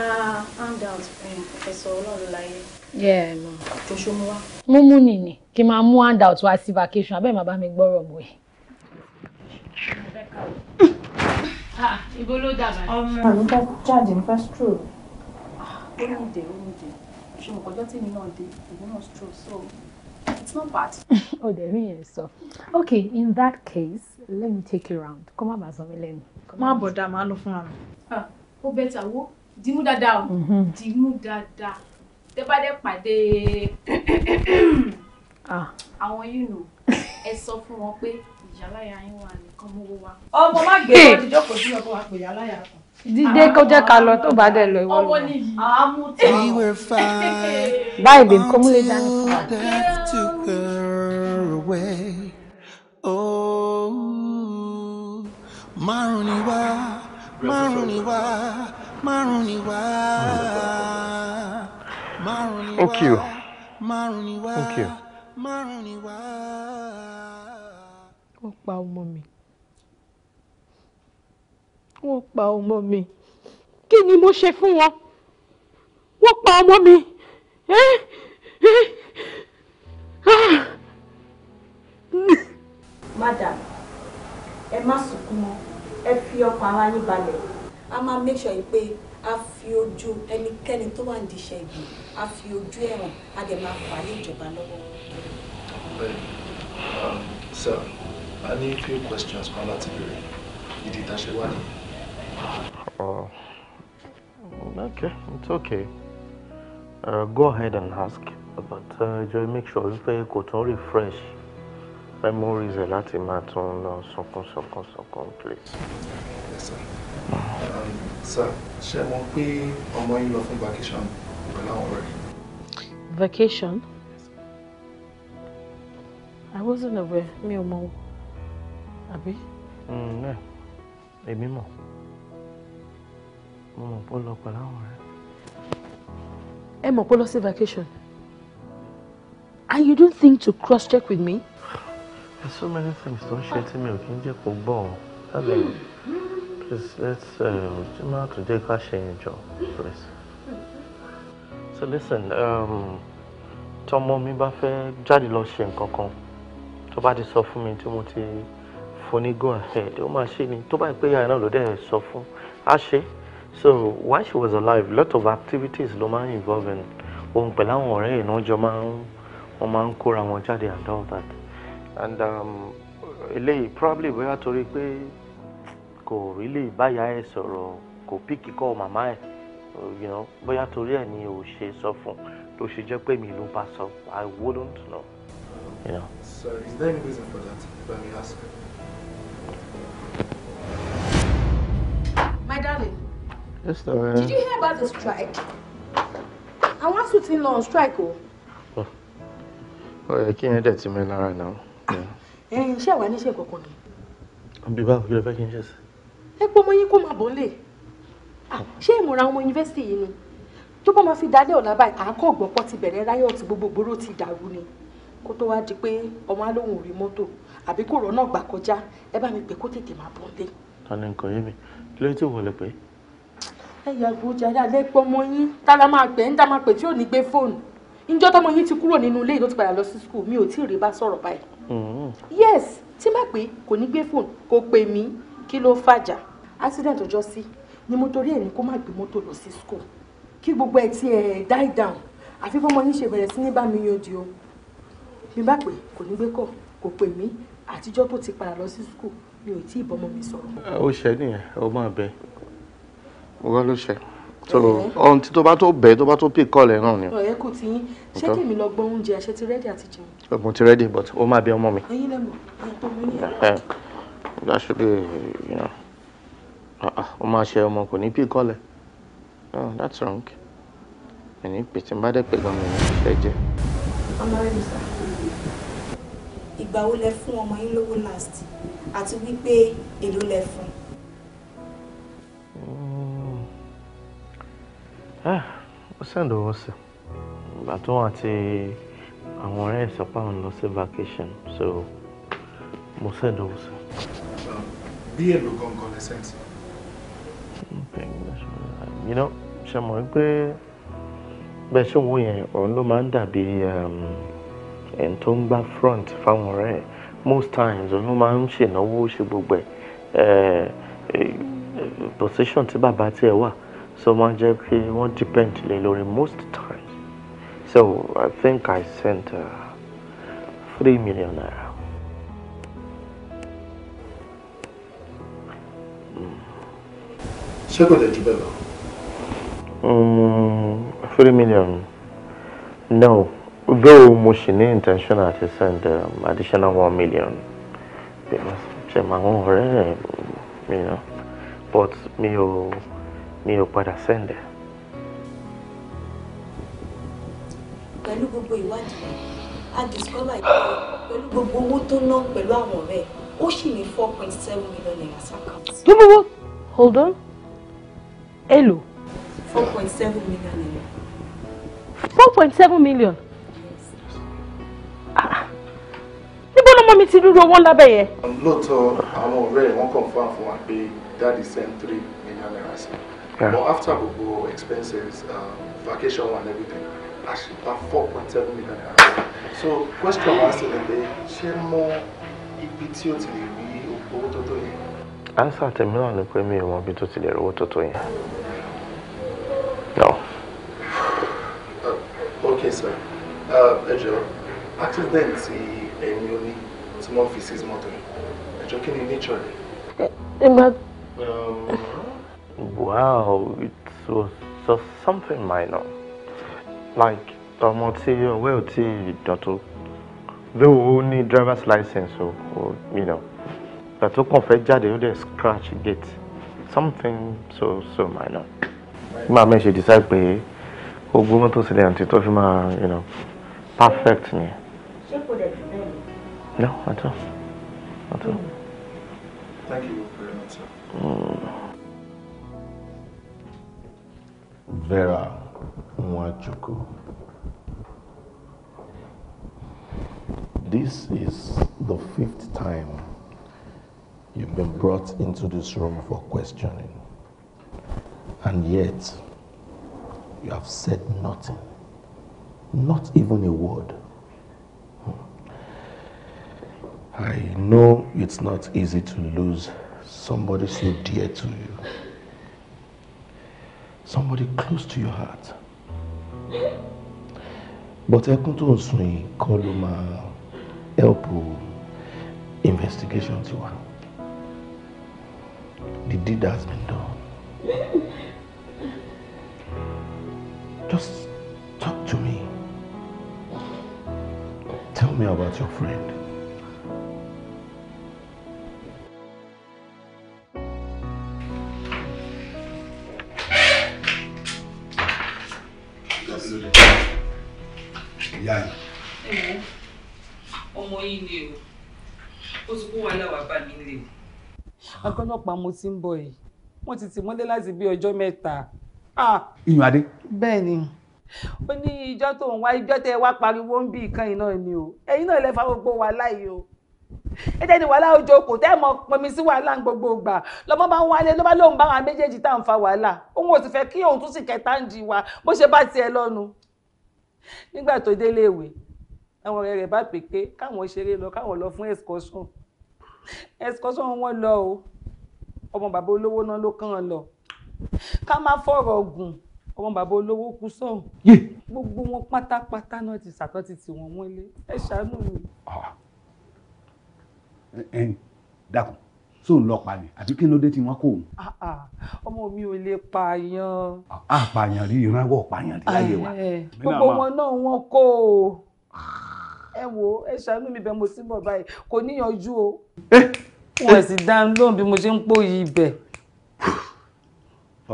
hand out eh, professor ọlọ́runláyé. yẹ́ẹ̀ mọ̀. jọ̀ṣọ́ mu wá. mú mú nìní kí n máa mú hand out wá sí vacation abẹ́ẹ̀ máa bá mi gbọ́rọ̀ mọ́ ẹ̀. Ah, ibo ló dàbà. ọmọ mi fẹ́ jáde mi fẹ́ stroke. Oh, ní ìdè ó ní so okay in that case let me take you round Come má bàa sọ mí lẹ́nu. má bọ̀dá máa lọ fúnra mi. ó Dimu wo dìímú dáadáa o mhm. dìímú dáadáa tẹ bá dẹ pàdé ah. àwọn yìí nù ẹ sọ fún wọn pé ìyá láyà yín wà nìkan mú wa. ọmọ má gbé eh. wọn jíjọ́ kò sí ọkọ wa pè yá láyà kan dídé kó jẹ́ ká lọ tó bá dẹ̀ lọ ìwọ lọ. báyìí bèbí kó dání wa. márùn ni wá márùn ni wá márùn ni wá márùn ni wá márùn ni wá márùn ni wá. ó pa ọmọ mi wọ́n pa ọmọ mi kí ni mo ṣe fún wọn wọ́n pa ọmọ mi ah. madam ẹ má sunkún mọ́ ẹ fi ọkàn ara yín balẹ̀ a máa make sure pé a fi ojú ẹnikẹ́ni tó wà nídìí iṣẹ́ ibi a fi ojú ẹ̀wọ̀n a dẹ̀ máa fà á ìjọba lọ́wọ́. Um, sir i need few questions kan láti béèrè ìdí ìdáṣẹ́wá nìyẹn. Oh, okay, it's okay. Uh, go ahead and ask, but uh, just make sure pé kò tún refresh memories ẹ̀ láti so tún so sọkún so sọkún please. Yes, sir ṣé wọn pé ọmọ yín lọ fún vacation pẹ̀lú àwọn ọ̀rẹ́. vacation I wasn't aware Me or more? àbí. ǹ ẹ̀ Maybe more mo mọ̀ pé ó lọ pẹ̀lú àwọn ọ̀rẹ́. ẹ mọ̀ pé lọ sí vacation and you don't think to cross check with me. there's so many things tó ṣe tí mi ò kí ń jẹ́ kó gbọ́ ọ́ tẹ́lẹ̀ please let's ṣe máa tún jẹ́ ká ṣe yẹn jọ please. so listen um, tọmọ mi bá fẹ́ jáde lọ ṣe nǹkan kan tó bá ti sọ fún mi tí mo ti fún ní go ahead ó máa ṣe ni tó bá pé yàrá náà ló dẹ̀ sọ fún á ṣe é so while she was alive lot of activities ló máa ń involve in òun pẹ̀lú àwọn ọ̀rẹ́ yìí náà jọ máa ń wọ́n máa ń kóra wọn jáde and all that and um, eléyìí probably bóyá torí pé kò really báyà ẹ̀ sọ̀rọ̀ kò píkì kọ́ màmá ẹ̀ you know bóyá torí ẹ̀ ni ò ṣe sọ fún ló ṣe jẹ́ pé mi ló bá sọ I wouldn't know. You know. So is there any reason for that Let me ask? My darling. Yes, sir. Did you hear about the strike? I want to ń lọ on strike oh. Oh, yẹ can't hear dẹ̀ ti mi lára náà. Ah, eh, share àwa you share ni. Àbí báwo kí ló fẹ́ kí n ṣe sí? Ẹ pọ́ ọmọ yín kó máa bọ̀ lè. Ah, ṣé ìmọ̀ràn ọmọ yunifásítì yìí ni? Tó bá máa fi dalẹ̀ ọ̀la báyìí, àákọ́ ọ̀gbọ́pọ̀ ti bẹ̀rẹ̀ ráyọ̀tì gbogbo gbòòrò ti dàrú ni. Kó tó wá di pé ọmọ alóhùn rí mọ́tò àbí kò rọ́nà gbà kọjá, ẹ bá mi pè kó tètè máa bọ̀ lè. Ta ni nǹkan yé mi? Kí ló ẹ yàgò jàdá lẹ́pọ̀ ọmọ yín tá la máa pè ń tá máa pè tí ò ní gbé fóònù ǹjọ́ tọmọ yín ti kúrò nínú ilé yìí tó ti padà lọ sí skul mi ò tí ì rí bá sọ̀rọ̀ báyìí. Mm-hmm. yes tí má pé kò ní gbé fóònù kò pè mí kí ló fàjà accident ọjọ́ sí ni mo torí ẹ̀ ní kó má gbé mọ́tò lọ sí skul kí gbogbo ẹ̀ ti ẹ̀ die down àfi fọmọ yín ṣe bẹ̀rẹ̀ sí ní bá mi yanjú o mi bá pè kò ní gbé kọ kò pè mí àtijọ́ tó ti padà lọ sí skul mi ò tí ì bọ́mọ mi sọ̀rọ̀. ó ṣẹ́ nìyẹn ó máa bẹ́ẹ̀ wọ́n ló ṣe so ọ̀hún tí tó bá tó bẹ̀ẹ́ tó bá tó pè kọ́ọ̀lẹ̀ náà ni. ọ̀yẹ́ kò tí yín ṣé kèmi lọ gbọ́ oúnjẹ àṣẹ ti rẹ́dí àti jẹun. ọ̀gbun ti rẹ́dí but ó máa bí ọmọ mi. ẹyin lẹ́mọ̀ ẹ̀yin tó mú yẹn. that should be you know ah, ah, ó máa ṣe ọmọ kò ní pè kọ́ọ̀lẹ̀ no that's wrong ẹni pè tí n bá dẹ̀ pè gan mi ní ìfẹ́ jẹ́. ọmọ rẹ mi sá ìgbà wo lẹ fún ọmọ yín lówó last àti wípé èló lẹ fún Ah, ó sẹ́ndọ̀ wọ́n sí ìgbà tó wọ́n àti àwọn ọ̀rẹ́ ẹ̀ sọ lọ sí vacation so mo sẹ́ndọ̀ wọ́n sí. bí èlò gangan lè sẹ́ǹsì. you know ṣe mọ̀ pé bẹ́ẹ̀ ṣe wo yẹn òun ló máa ń dàbí um, ẹni tó ń gbá front fáwọn ọ̀rẹ́ ẹ̀ most times òun ló máa ń ṣènáwó ṣe gbogbo ẹ̀ eh, eh, position tí bàbá tiẹ̀ wà. so my ń he won't depend lé lórí most times so I think I sent uh, three million naira. ṣé um, three million no though mo ṣì ní intention to send um, additional one million because ṣe máa you know, but me oh. mi ò padà sẹ́ndẹ̀. pẹ̀lú gbogbo ìwádìí a discover ìwádìí pẹ̀lú gbogbo owó tó ná pẹ̀lú àwọn ọ̀rẹ́ ó sì ní four point seven million naira account. gbogbo hold on èlò. four point seven million naira. four point seven million. Ah, ah. níbo lọmọ mi ti dúró owó lábẹ́ yẹn. lóòótọ́ àwọn ọ̀rẹ́ wọn kàn fún àfọwọ́n pé dáàdi send three million sí i. Yeah. But after gbogbo expenses, um, vacation and everything, actually, ṣì pa four point seven million So question asked in the day, share more. tí o ti we rí owó tó tó Answer Ansa tèmi náà ni pé mi ò mọ to tó ti lè rí No. Uh, okay sir, Uh, jọ accident ti ẹ̀yin oní tí wọ́n fi six mọ́tò yẹn, ẹ jọ kí ni nature rẹ̀? Ìgbà wow it was just something minor like ọmọ tí ọwọ́ ò tí ì dọ̀tún though ó ní driver's license o o you know ìgbà tó kàn fẹ́ jáde ó dẹ̀ scratch gate something so so minor. máa mẹ́ ṣe decide pé ó gbó mọ́tò sílẹ̀ àti tó fi máa you know perfect ni. ṣé kò dẹ̀ jù bẹ́ẹ̀ ni. no at all at all. thank you very much sir. Mm. Vera Mwachuku, This is the fifth time you've been brought into this room for questioning, and yet you have said nothing, not even a word. I know it's not easy to lose somebody so dear to you. somebody close to your heart but I tó ń sun yìí kọ́ ló máa help investigation tiwa the deed has been done just talk to me tell me about your friend. agọ́lọ́pàá mo ti ń bọ̀ yìí wọ́n ti tì mọ́lé láti bí ọjọ́ mẹ́ta. iyùn adé. bẹ́ẹ̀ ni ó ní ìjọ tó ń wá ìjọ tẹ wá pariwo ń bí ìkan iná ni o ẹ̀yin náà lè fa gbogbo wàhálà yìí o ẹ jẹ́ ni wàhálà òjò kò tẹ́ mọ pọnmi sí wàhálà gbogbo ìgbà lọ́mọ bá ń wálé ló bá lóun bá wọn méjèèjì tá à ń fa wàhálà òun ò sì fẹ́ kí òun tún sì kẹta ń di wa bó ṣe bá tiẹ̀ lọ́nu nígbà tó délé ìwé àwọn ọ̀rẹ́ rẹ̀ bá pè pé káwọn ṣeré lọ káwọn lọ fún excursion excursion wọn lọ o ọmọ bàbá olówó náà ló kàn án lọ ká má fọ̀rọ̀ ọ̀gùn ọmọ bàbá olówó kú sọ̀hún gbogbo wọn pátápátá náà ti ṣàtọ́tì tí wọ́n wọ́n lé ẹ ṣàánú mi. Ah. dákun sóun lọ pa ni àbí kí ló dé tí wọn kó òun. Ah, ah. ọmọ mi ò lè pààyàn. àpààyàn rí ìrànwọ́ pààyàn rí láyé wa. gbogbo wọn náà wọn kó ẹ wo ẹ ṣàánú mi bẹ́ẹ̀ mo sì bọ̀ báyìí kò níyanjú o. Eh, eh. wọ́n ẹ̀ sì dá lóhùn bí mo ṣe ń pò yìí bẹ̀.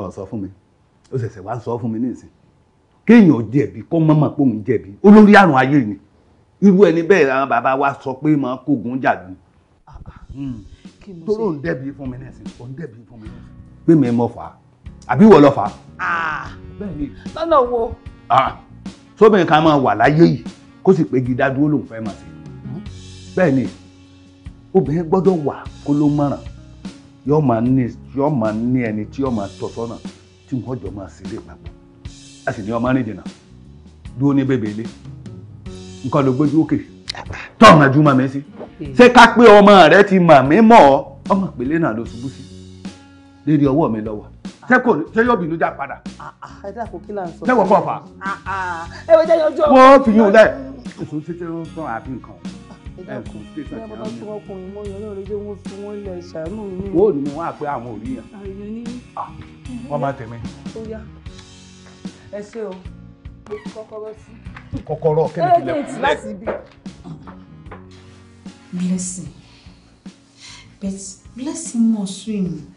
ọ sọ fún mi ó ṣẹ̀ṣẹ̀ wá ń sọ fún mi nísìn kéèyàn jẹ̀bi kó má mà póun jẹ̀bi olórí àrùn ayé ni irú ẹni bẹ́ẹ̀ àwọn bàbá wa sọ pé máa kógun jàdú ah, ah. hmm. tóró ń dẹ́bi fún mi nísìn ò ń dẹ́bi fún mi nísìn pé mi mọ̀ fà á àbí wọ́n lọ fà á. Ah. bẹ́ẹ̀ ni lọ́nà wo. sóbìnrin kan máa wà láyé yìí kó sì pé gidá dúró fẹ́ mọ̀ sí bẹ́ẹ̀ ni obìnrin gbọ́dọ̀ wà kó ló mọ̀ràn máa ní máa ní ẹni tí máa tọ́ sọ́nà tí wọ́n jọ máa ṣeré papọ̀ a sì ní ọmọ rìn jìnnà dúró ní bèbè nǹkan ló gbójú òkè tọ́ ọ̀nà màmí sí ṣé ká pé ọmọ rẹ ti màmí ọmọ ìpínlẹ̀ náà ló ṣubú sí lérí ọwọ́ ṣé kò ṣé yóò já padà. Ah, ah, ẹ dàpọ̀ kí là ń sọ. ṣé wọ́n kọ́ fà. Ah, ẹ wọ́n jẹ́ yanjú ọ̀rọ̀. wọ́n fi yún un lẹ̀. èso ṣe ṣe ń sọ àbí nǹkan. ẹ dàpọ̀ ṣé wọ́n tún ọkùnrin mọ́ yẹn lórí pé wọ́n fi wọ́n lẹ̀ ṣàánú mi. wọ́n ò ní wọ́n á pé àwọn ò rí yàn. wọ́n máa tẹ̀mí. ó yá ẹ ṣe o kọ́kọ́rọ́ sí. kọ́kọ́rọ́ kẹ́lẹ́kẹ́lẹ́ Blessing, but Blessing mọ̀ swim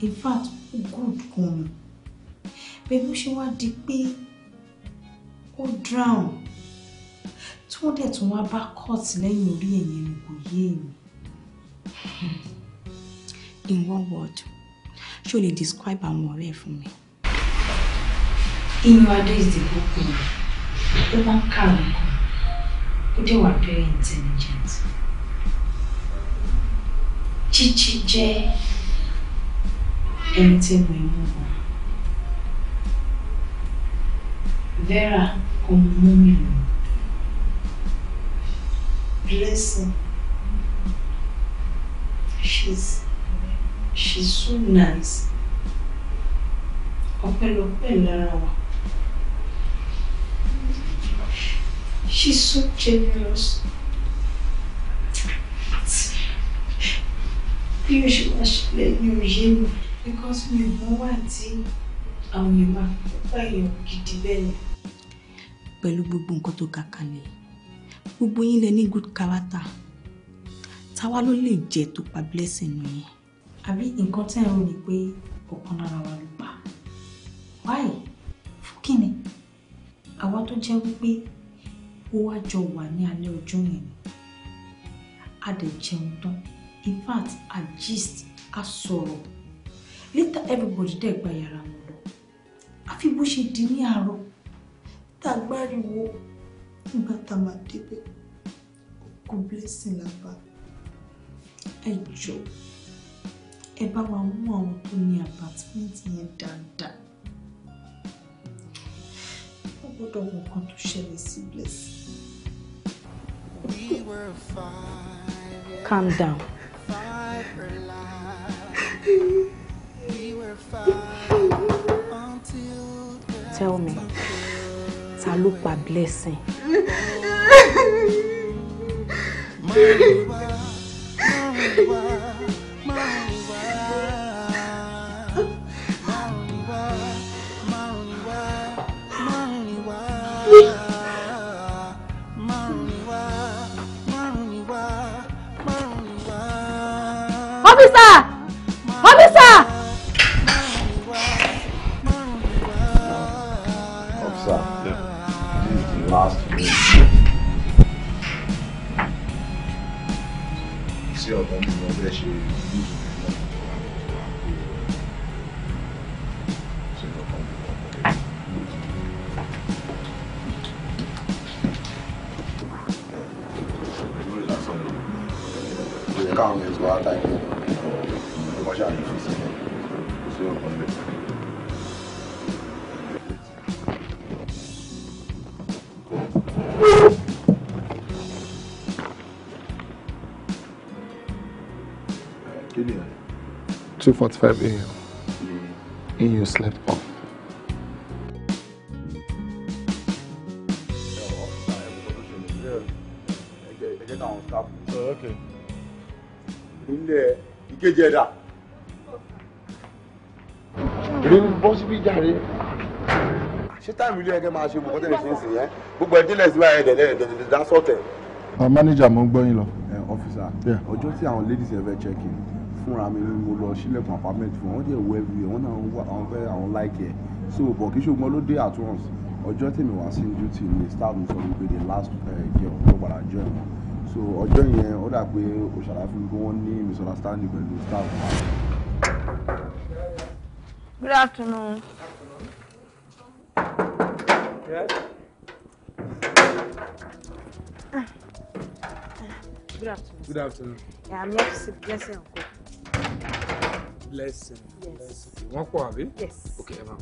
in fact ó good gan ni bẹ́ẹ̀ ṣe wá di pé ó drown tí wọ́n dẹ̀ tún wá bá court lẹ́yìn orí ẹ̀yìn ni kò yé èmi. Hmm. in one word ṣé o lè describe àwọn ọ̀rẹ́ ẹ̀ fún mi. iyun adé ìdìbò pè é ó máa ń kàwé kan ó dẹ̀ wà very intelligent. Chichi jẹ́ anything will move on. Vera, come mummy. Blessing. She's she's so nice. open lára wa. She's so generous. You should ṣe wá ṣẹlẹ̀ ní òye because mi ò mọ wà tí àwọn èèyàn máa bá èèyàn gidi bẹ́ẹ̀ yẹn. pẹ̀lú gbogbo nǹkan tó ga kalẹ̀ gbogbo yín lẹ ní good character táwa ló lè jẹ tó pa blessing nù yẹn. àbí nǹkan tẹ́ ẹ̀ ń rò ní pé ọ̀kan lára wa ló pa báyìí fún kínni àwa tó jẹ́ wípé ó wá jọ wà ní alẹ́ ọjọ́ yẹn a dẹ̀ jẹun tán in fact a gist a sọ̀rọ̀ later everybody dẹ̀ gba yàrá wọn lọ àfi bó ṣe di ní àárọ̀ tá a nígbà tá a máa débẹ̀ kò blessing la bá ẹ jọ ẹ bá wa mú àwọn tó ní apartment yẹn dáadáa wọ́n gbọ́dọ̀ wọ nǹkan tó ṣẹlẹ̀ sí blessing. Calm down. Tell me, Salupa ló pa blessing? Officer! eu não me engano, done this is. 2.45 a.m. and You slept off. nílẹ̀ ìkejìẹ̀dà. Èrè you bọ́ síbí jàre. Ṣé táìmù ilé ẹgẹ́ máa ṣe bùkọ́ tẹ́lẹ̀ ṣe ń sìn yẹn? Gbogbo ẹ̀jẹ̀ lẹ̀ sí báyẹn dẹ̀dẹ̀ dẹ̀dẹ̀ dá sọ̀tẹ̀. Mánéjà mo ń gbọ́ yín lọ. Ẹ ọ́fíìsà, ọjọ́ tí àwọn ladies ẹ checking fúnra mi mo lọ sílẹ̀kùn apartment fún wọn díẹ̀ wẹ́ẹ̀rù yẹn wọn náà wà fẹ́ àwọn like ẹ̀ so bọ̀ kí ṣùgbọ́n ló dé at once ọjọ́ tèmi wá sí duty ni staff mi sọ wípé the last eh, girl ló padà join wọn so ọjọ́ yẹn ó dà pé òṣàlà fún mi pé wọ́n ní misunderstanding pẹ̀lú staff wa. Good afternoon. Good afternoon. Good afternoon. Yeah, I'm here to see blessing uncle blessing blessing wọ́n pọ̀ àbí. yes ok ẹ máa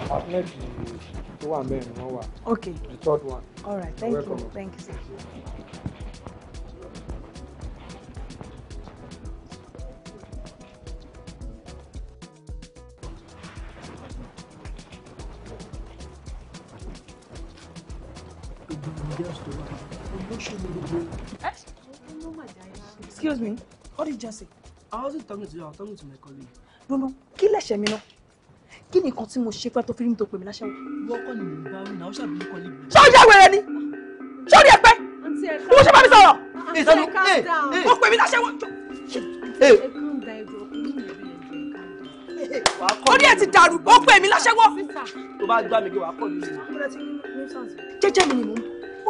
apartment tó wà mẹ́rin ni wọ́n wà. the third one. all right thank Welcome. you thank you sir. Excuse me. What did you just say? I wasn't talking to you, I was talking to my colleague. No, no, kí lẹ̀ṣẹ̀ mi náà? Kí ni nǹkan tí mo ṣe pẹ́ tó fi rí mi tó pè mí láṣẹ́wó? Ìwọ kọ́ ni mò ń bá wí náà, ó ṣàbí mi colleague. Ṣé ó jẹ́ wèrè ni? Ṣé ó rí ẹgbẹ́? Mo ṣe bá mi sọ̀rọ̀. Ìsọ̀rọ̀ mo pè mí láṣẹ́wó. Orí ẹ̀ ti dàrú, ó pè mí láṣẹ́wó. Tó bá gbá mi kí wàá kọ́ mi. Jẹ́jẹ́ mi ni mò ń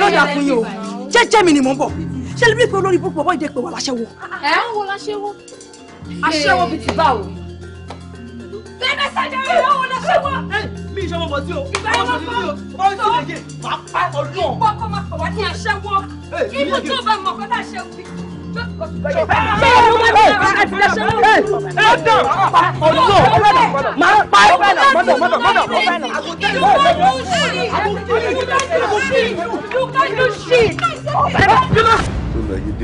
lọ́dà fún yín o jẹ́jẹ́ mi ni mò ń bọ̀ ṣé lóbi pé olórí púpọ̀ bọ́ ìdè pé wà láṣẹ́wó. ẹ ń wo láṣẹ́wó aṣẹ́wó bíi ti bá o. bẹ́ẹ̀ sáré rẹ̀ lọ́wọ́ láṣẹ́wó. mi ìṣe ọmọ bọ̀dí o ìgbà yẹn wọ́n fọ́ ọ́ sí ìrèké pàápàá ọdún. ìpọ́kọ́ máa pọ̀ wá ní aṣẹ́wó ibùdó bá mọ̀ kọ́tà aṣẹ́wó bíi. Olùdókòjì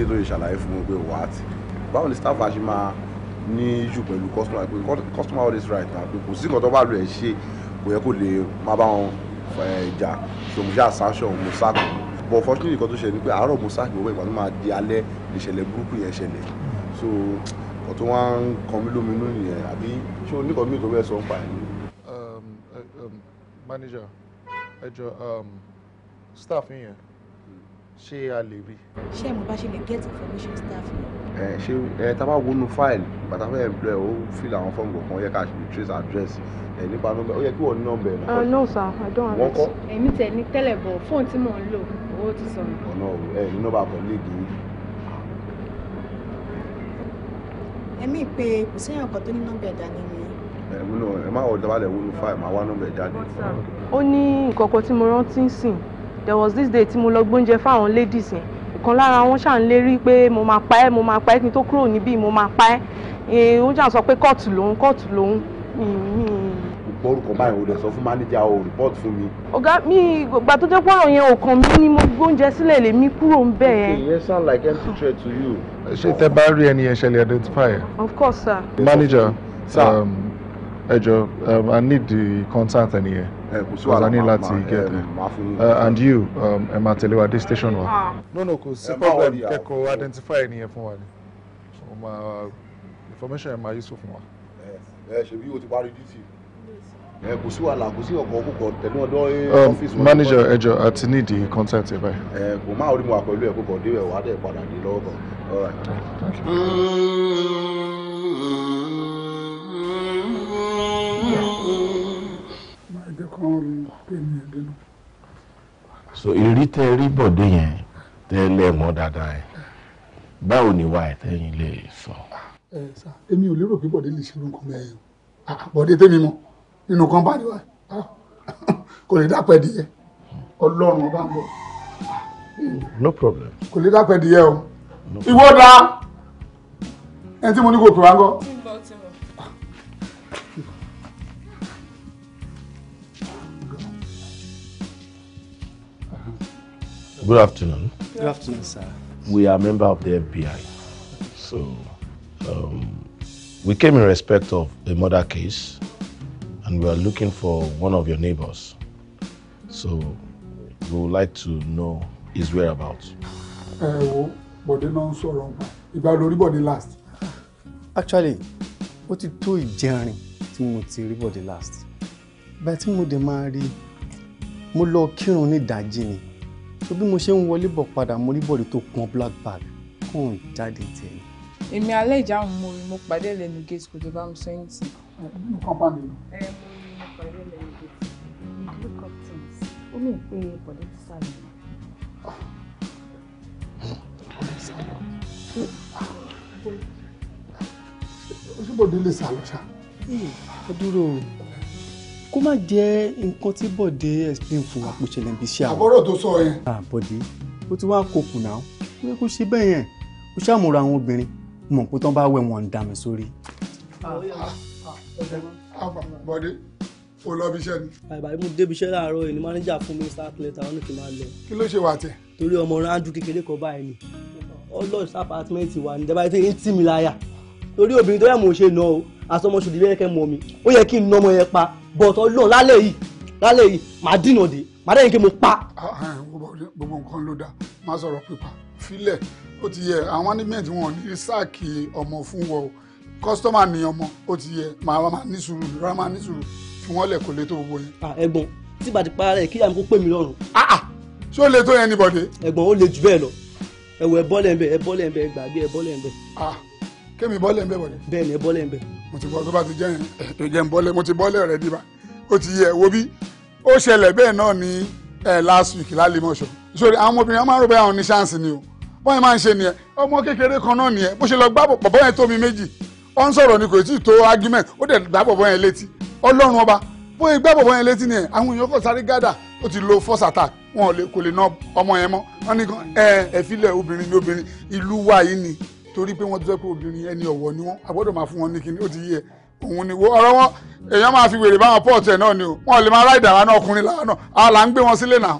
lóye ṣàlàyé fún mi pé wàá ti báwo ni staff àṣì máa ní issue pẹ̀lú customer pé customer always right na pé kò sí nǹkan tó bá lu ẹ̀ ṣe kò yẹ kó lè má bá wọn jà ṣòmùṣà sáṣọ òmùsákùn but fortunately nǹkan tó ṣẹlẹ̀ ni pé àárọ̀ mo sáàkì gbogbo ìgbà tó máa di alẹ́ ìṣẹ̀lẹ̀ burúkú yẹn ṣẹlẹ̀ so nǹkan tó wá ń kan mí lóminú nìyẹn àbí ṣé o níkan mí tó bẹ́ẹ̀ sọ ń pa ẹ̀ um, uh, um, manager ẹ um staff yẹn ṣé a lè rí. ṣé mo bá ṣe lè get information staff yẹn. ẹ ṣe ẹ tá a bá wọnú fáìlì bàtà fẹ́ẹ́ employ ó fìlà àwọn fọ́ọ̀mù kọ̀ọ̀kan yẹ ká ṣe trace address ẹ nípa nọmbẹ ó yẹ kí wọn ní nọmbẹ náà. Ah, no sir i don't have it. wọn kọ. èmi tẹ ní tẹ́lẹ̀ bọ̀ fóònù tí mò ń lò ó ti sọ̀rọ̀. ọ̀nà òwò ẹ ní nọ́mbà kọ́líìgì yìí. ẹ̀mí pé kò séèyàn kan tó ní nọ́mbà ẹ̀dá nínú yẹn. ẹ wúlò ẹ má wọ dábàlẹ̀ wúlò fáì máa wá nọ́mbà ẹ̀dá dé. ó ní nǹkan kan tí mo rántí sìn there was this day tí mo lọ gbóúnjẹ fáwọn ladies yẹn ìkan lára wọn ṣà ń lérí pé mo máa pa ẹ́ mo máa pa ẹ́ kí n tó kúrò níbí mo máa pa ẹ́ òun ṣà sọ pé kóòtù lòun kóòtù lòun gbọ́ báyìí o lè sọ fún mánéjà o rìpọ́ọ̀tì fún mi. ọ̀gá mi ìgbà tó jẹ́ pọ́nrọ̀ yẹn ò kàn mí ni mo gbóúnjẹ sílẹ̀ lè mí kúrò ń bẹ̀ yẹn. okay yes sound like empty threat to you. ṣé tẹ bá rí ẹni yẹn ṣẹlẹ̀ identify of course sir. manager um, ẹ jọ um, i need the contact ẹni yẹn kò sí wàhálà máa láti get there uh, and you um, ẹ máa tẹ̀lé wa dé station wa. Ah. no no kò sí problem kẹ́kọ̀ọ́ identify ẹni yẹn fún wa ni information ẹ máa useful fún wa. ẹ ṣe bí o ti parí duty ẹ kò sí wàhálà kò sí ọkọ̀ òkùnkọ̀ tẹ̀lé wọn dán eh, um, ọ́fíìsì wọn. manager ẹjọ àti nídi contact ẹ báyìí. ẹ kò máa rí mu àpẹlú ẹ kó kọ débẹ̀ wàá dẹ̀ padà dé lọ́wọ́ kan. so ìrí tẹ rí bọ̀dé yẹn tẹ lẹ́mọ́ dáadáa yẹn báwo ni wà ẹ̀ tẹ́yìn lè sọ. ẹ sá èmi ò lérò pé bọ̀dé lè ṣe irú nǹkan mẹ́rin ah, bọ̀dé tẹ́mi mọ́ nínú kọ́ńpáàdì wa kò lè dápẹ́ díẹ̀ ọlọ́run ọba ń bọ̀. no problem. kò lè dápẹ́ díẹ̀ o ìwọ da ẹni tí mo ní kò pè wá ń gọ. Good afternoon. Good afternoon, sir. We are member of the FBI. So, um, we came in respect of a murder case and we are looking for one of your neighbors. So we would like to know his whereabouts. Ẹ wo Bọ̀dé náà ń sọ̀rọ̀ nípa ìgbà lórí Bọ̀dé last. Actually, what ti tó ìjẹrin tí mo ti rí last. But tí mo dé máa rí mo lọ kírun ní ìdájí ni. So bí mo ṣe ń wọlé bọ̀ padà mo rí Bọ̀dé tó pọn black bag kàn jáde tẹ̀ ni. Èmi alẹ́ ìjà òun mo rí mo pàdé lẹ́nu gate kò tó bá mi sọ ẹ̀yìn tì. Nínú kọ́ńpá mi look up things ó mì pé bọ̀dé ti sá lọ. ojúbọ̀dé lè sá lọ ṣá. dúró kó má jẹ́ nǹkan tí bọ̀dé explain fún wa kó ṣẹlẹ̀ bí ṣáà. àbọ̀rọ̀ tó sọ yẹn. Ah, bọ̀dé ó ti wá kókù náà ó yẹ kó ṣe bẹ́ẹ̀ yẹn ó ṣàmúra àwọn obìnrin mọ̀ pé tán bá wẹ̀ wọ́n ń dà mí sórí. Ah, ah, bọ̀dé o lọ bí iṣẹ́ ni. àìbá mo débi iṣẹ́ láàárọ̀ yìí mánéjà fún mi start letter wọn ni kì í máa lọ. kí ló ṣe wà tẹ. torí ọmọ rẹ andrew kékeré kan báyìí ni ọlọ́ọ̀sì apartment wa ní dábàá yìí tí mi láyà torí obìnrin tó yà mò ń ṣe nà o àsọmọṣòdì bẹ́ẹ̀ kẹ́ mọ̀ mi ó yẹ kí n nà ọmọ yẹn pa bọ̀tọ̀ lọ lálẹ́ yìí lálẹ́ yìí màá dìnà dé màá dẹ́yìn kí mo pa. Ah, ah, gbogbo nǹkan ló dáa má sọ̀rọ̀ pípa filẹ̀ ó ti yẹ àwọn animent wọn ní sáàkì ọmọ fún wọn o kọ́sítọ́mà ni ọmọ ó ti yẹ màá máa ní sùúrù rárá máa ní sùúrù fún wọn lẹ́kọ̀ọ́ lé tó gbogbo yẹn. ẹ̀gbọ́n tí bàtí para rẹ kí ìyá mi kó pè mí lọ́rùn. Ah, ah, ṣé ó le tó yẹn ní bọ̀dé. ẹ̀gbọ́n ó le jù bẹ́ẹ̀ lọ ẹwọ ẹ bọ́lẹ̀ ńbẹ ẹ bọ́lẹ̀ ńbẹ gbàgbé ẹ bọ́lẹ̀ ńbẹ. Ah, kémi bọ́lẹ̀ ńbẹ bọ̀dé. bẹ́ẹ̀ni ẹ bọ́lẹ̀ ńbẹ. mo ti bọ́ tó bá ti jẹ́ yẹn eh, tó jẹ́ ń bọ́lẹ̀ mo ti bọ́lẹ̀ rẹ̀ dìbà ó ti yẹ wo bí ó ṣẹlẹ̀ bẹ́ẹ̀ náà ní eh, last week lálẹ́mọ̀ṣọ́ sórí àwọn obìnrin máa ń rò bẹ́ẹ̀ àwọn ní ṣáǹsì ni o bọ́n yẹn máa ń ṣe nìyẹn ọmọ kékeré kan náà nìyẹn bó ṣe lọ gbá bọ̀ bọ́ yẹn tó mi méjì ó ń sọ̀rọ̀ ni kò tí ì tó argument ó dẹ̀ gbá bọ̀ bọ́ yẹn létí ọlọ́run ọba bó igbá bọ̀bọ̀ yẹn létí nìyẹn àwọn èèyàn kò sáré gádà ó ti lo force attack wọn kò lè ná ọmọ yẹn mọ́ wọn ní kan ẹ ẹ filẹ̀ obìnrin ní obìnrin ìlú wa yìí ni torí pé wọ́n ti sọ pé obìnrin ẹni ọ̀wọ̀ ni wọ́n àgbọ́dọ̀ máa fún wọn ní kíní ó ti yẹ òun ni wo ọ̀rọ̀ wọn èèyàn máa fi wèrè báwọn pọ́ọ̀tù ẹ̀ náà ni o wọn lè máa ráìdà wa náà ọkùnrin làwọn náà a là ń gbé wọn sílẹ̀ náà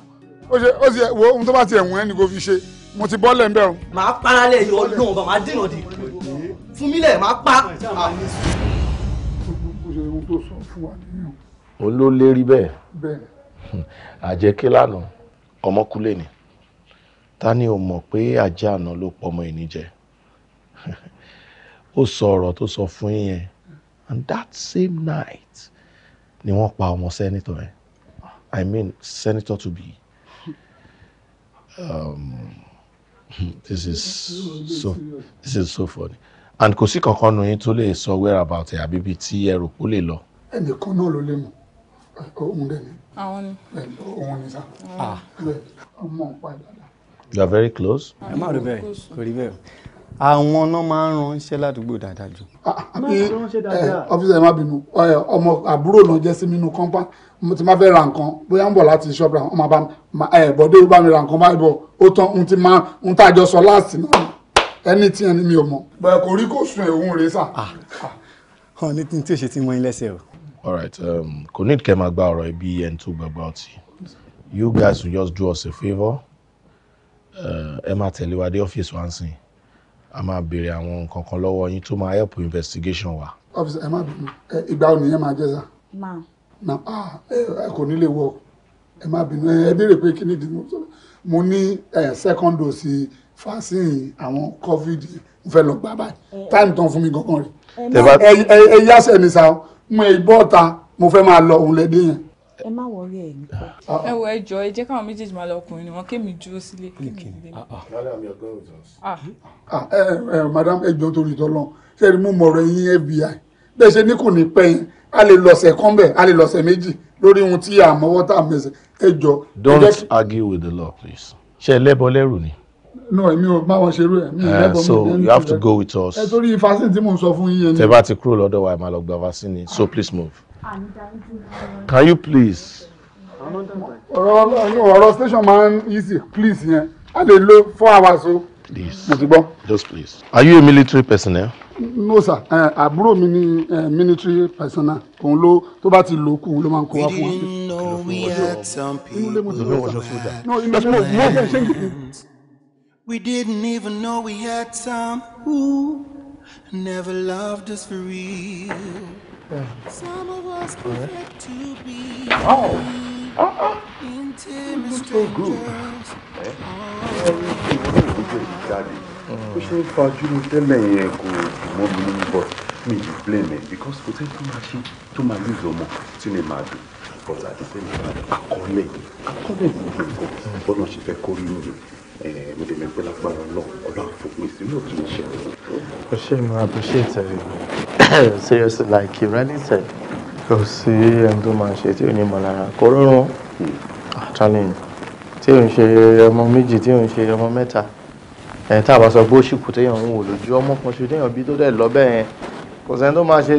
ó ṣe ó ṣe wo ohun tó bá ti ẹ̀wọ̀n ẹni kò fi ṣe mo ti bọ́ọ̀lẹ̀ ń bẹ̀rù. màá paralẹ̀ yọ ọlọ́run bàbá dènà dè fún mi lẹ̀ màá pa ṣe ohun tó sọ fún wa nínú. òun bẹ́ẹ̀. bẹ́ẹ̀. àjẹkí lánàá ọmọkúlé ni ta ni ò mọ̀ pé ajá àná ló pọmọ ẹni jẹ ó sọ ọ̀rọ̀ tó sọ fún yẹn and that same night ni wọ́n pa ọmọ sẹ́nitọ̀ yẹn i mean senator to be um, this is so this is so funny and kò sí kankan nu yín tó lè sọ whereabout ẹ̀ àbí ibi tí ẹrù kó lè lọ. ẹnìkan náà ló lè mọ̀ òun dẹ̀ ni. àwọn ni. òun ni sá. Ah. ọmọ ọ̀pá ìdàdà. you are very close. ẹ má rí bẹ́ẹ̀ kò rí bẹ́ẹ̀ àwọn náà máa ń ránṣẹ́ ládùúgbò dáadáa jù. Ah, ah, eh, eh, ọ́fíìsì ẹ̀ má bínú eh, ọmọ àbúrò náà jẹ́ sí mi nínú kọ́ńpá mo ti máa fẹ́ ra nǹkan bóyá ń bọ̀ láti ṣọ́ọ̀bù ra ọmọ bá mi bọ́dé bá mi ra nǹkan báyìí bọ̀ ó tán ohun tí máa ń tàjọ sọ láàsì náà ẹni tí ẹni mi ò mọ̀ bẹ́ẹ̀ kò rí kò sùn ẹ̀hún rẹ sà. ọ ah, ah, ní tí tí ò ṣe ti mọ yín lẹ́sẹ̀ o. all right um, kò ní kẹ́ máa gba ọ̀rọ̀ ibi ẹni tó gbàgbọ́ ọtí you guys will just do us a favour uh, ẹ máa tẹ̀lé wa dé ọ́fíìsì wa ń sìn a máa béèrè àwọn nǹkan kan lọ́wọ́ yín tó máa help investigation wa. ọ́fíìsì ẹ má bínú ìgbà òní yẹn máa jẹ́ sà. máa. na ah, ẹ kò ní lè wọ ẹ má bínú ẹ béèrè pé kí ni ìdí mo ní second dose fásin àwọn covid fẹ́ lọ gbà báyìí táìmù tán fún mi gangan rẹ̀ ẹ yáṣẹ́ ní sa mo ì bọ́ ta mo fẹ́ máa lọ òun lẹ́dí yẹn. ẹ má wọrí ẹ yìí. Ah, ah. ẹ wo ẹjọ ẹ jẹ káwọn méjèèjì máa lọ ọkùnrin ni wọn kémi dúró sílé kémi sílé. Ah, madam ẹjọ torí tọlọ ṣe é mú mọ̀rọ̀ fbi bẹ́ẹ̀ ṣe ní kò ní pẹ́ yín a lè lọ̀sẹ̀ kan bẹ̀ a lè lọ̀sẹ̀ méjì lórí ohun tí àmọ́wọ́ tá a mẹsẹ̀ ẹjọ. don't argue with the law please ṣe ẹ lẹ́bọ ni no èmi ò bá wọn ṣerú ẹ mi ò lẹ́bọ̀ mi. so you have to go with us. ẹ torí vaccine tí mò ń sọ fún ni. tẹ bá ti kúrò lọ́dọ̀ wa ẹ máa gba vaccine so please move. can you please. ọ̀rọ̀ ọ̀rọ̀ station máa ń easy please yẹn a lè lo four hours o. please mo ti gbọ́. just please. are you a military personnel. no sir àbúrò mi ni military personnel òun ló tó bá ti lò kù ló máa ń kó wá fún wa. inú ilé mo ti lọ sọ. no inú ilé mo ti lọ sọ. We didn't even know we had some who never loved us for real. Some of us prefer to be oh. uh-uh. intimate strangers. bó ṣe ń fajú tẹ́lẹ̀ yẹn kò mọ́ mi ní bọ̀ mi ì blame ẹ̀ because kò tẹ́ tó máa ṣe tó máa lose ọmọ tí mi máa dùn but àti sẹ́yìn akọ́lẹ̀ akọ́lẹ̀ gbogbo nǹkan bọ́nà ṣe fẹ́ kórìí nìyẹn mo dẹ̀ mẹ́pẹ́ lágbára náà ọ̀dọ́ àfọ̀pọ̀ ìsinmi òtún iṣẹ́. o ṣe mo appreciate it seriously like you really said kò sí ẹni tó máa ṣe tí ò ní mọ̀lára kò rọrùn àtàlẹ́yìn tí ò ń ṣe ọmọ méjì tí ò ń ṣe ọmọ mẹ́ta ẹ̀yìn tá a bá sọ pé ó ṣì kù téèyàn ń wò lójú ọmọ kan ṣe téèyàn bí tó dẹ̀ lọ bẹ́ẹ̀ yẹn kò sẹ́ni tó máa ṣe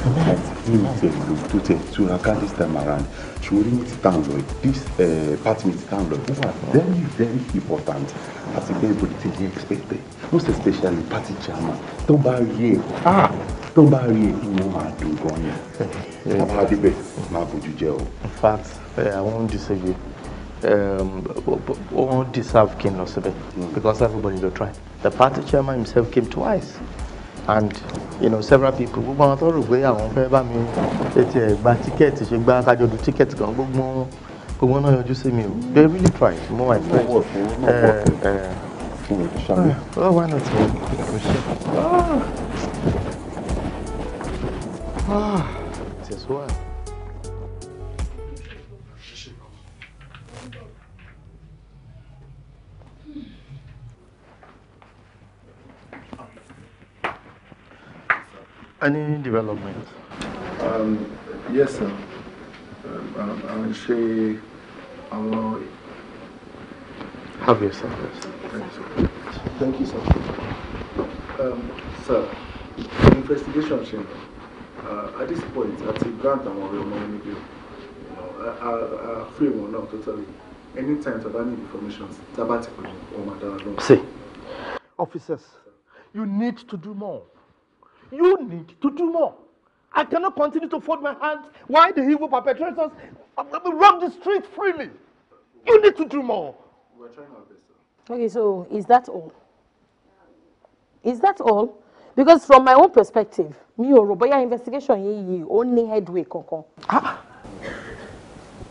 ní tiẹ̀ ló tó tiẹ̀ túra ká this time around ṣòrí ní títà ń lọ this eh, part mi títà ń lọ very very important as bẹ́ẹ̀ bó ti yẹ expected most especially party chairman tó bá rí ẹ̀ ah, tó bá rí ẹ̀ inú máa dùn gan yẹn àwọn adébẹ̀ máa bójú jẹ o. in fact eh, I won't disagree wọ́n um, won't deserve kí n lọ síbẹ̀ because everybody will try the party chairman himself came twice and you know several people gbogbo àwọn tó rò pé àwọn fẹ́ bá mi ètò ẹ̀ gba tíkẹ́ẹ̀tì ṣe gba kájọ du tíkẹ́ẹ̀tì kan gbogbo gbogbo náà yọjú sí mi o they really try mo wà nípa ẹ ẹ oh why not me. Ah. Ah. This one. Any development? Um, yes, sir. I will say our. Have your service. Thank you, sir. Thank you, sir. Um, sir, investigation chamber. Uh, at this point, at the grant àwọn ọ̀rẹ́ ọmọ mi gbé, free one, náà totally. Any time to have any information, pè wọ́n máa dára lọ. See, officers, you need to do more. You need to do more. I cannot continue to fold my hands while the evil perpetrators roam the street freely. You need to do more. We're trying our best. Sir. Okay, so is that all? Is that all? Because from my own perspective, me ò rò bóyá investigation yìí ó ní headway Ah.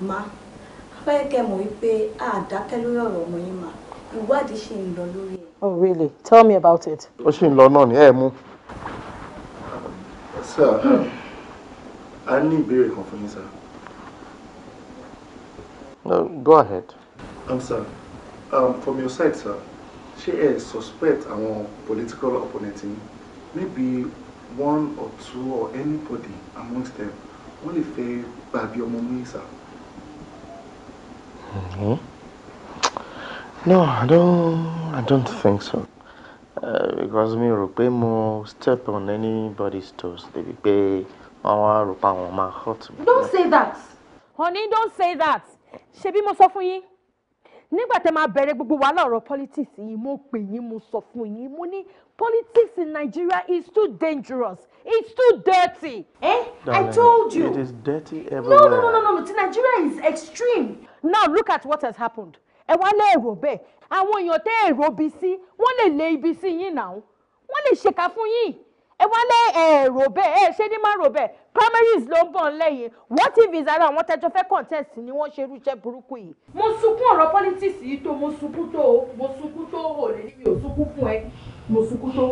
Ma, fẹ́ kẹ́ mọ̀ a dákẹ́ lórí ọ̀rọ̀ ọmọ yín mà. Ìwádìí Oh really? Tell me about it. Ó ṣì ni ẹ̀ mú sir I need ìbéèrè kan fún sir. No, go ahead. Um, sir, um, from your side, sir, she is suspect our political opponent maybe one or two or anybody amongst them wọ́n lè fẹ́ gbà bí ọmọ mú yín sir. Hmm? No, I don't. I don't think so because mi rò pé mo step on anybody's toes débi pé wọ́n wá rò pé àwọn máa hurt me. Don't say that. Honey, don't say that. Ṣebí mo sọ fún yín? Nígbà tẹ́ máa bẹ̀rẹ̀ gbogbo wàhálà ọ̀rọ̀ politics yìí, mo pè yín, mo sọ fún yín, mo ní politics in Nigeria is too dangerous. It's too dirty. Eh? I told you. It is dirty everywhere. No, no, no, no, no. Nigeria is extreme. Now look at what has happened. Ẹ wá lé èrò bẹ́ẹ̀ àwọn èèyàn tẹ́ èrò bí sí wọ́n lè lé ibi sí yín náà wọ́n lè ṣèkà fún yín ẹ wá lé èrò bẹ́ẹ̀ ẹ ṣe ní má rò bẹ́ẹ̀ primaries ló ń bọ̀ lẹ́yìn wọ́n ti fi ìzára àwọn tẹjọ́ fẹ́ contest ni wọ́n ṣe irúṣẹ́ burúkú yìí. mo sunkún ọ̀rọ̀ politics yìí tó mo sunkún tó mo sunkún tó ò lè ní mi ò sunkún fún ẹ mo sunkún tó.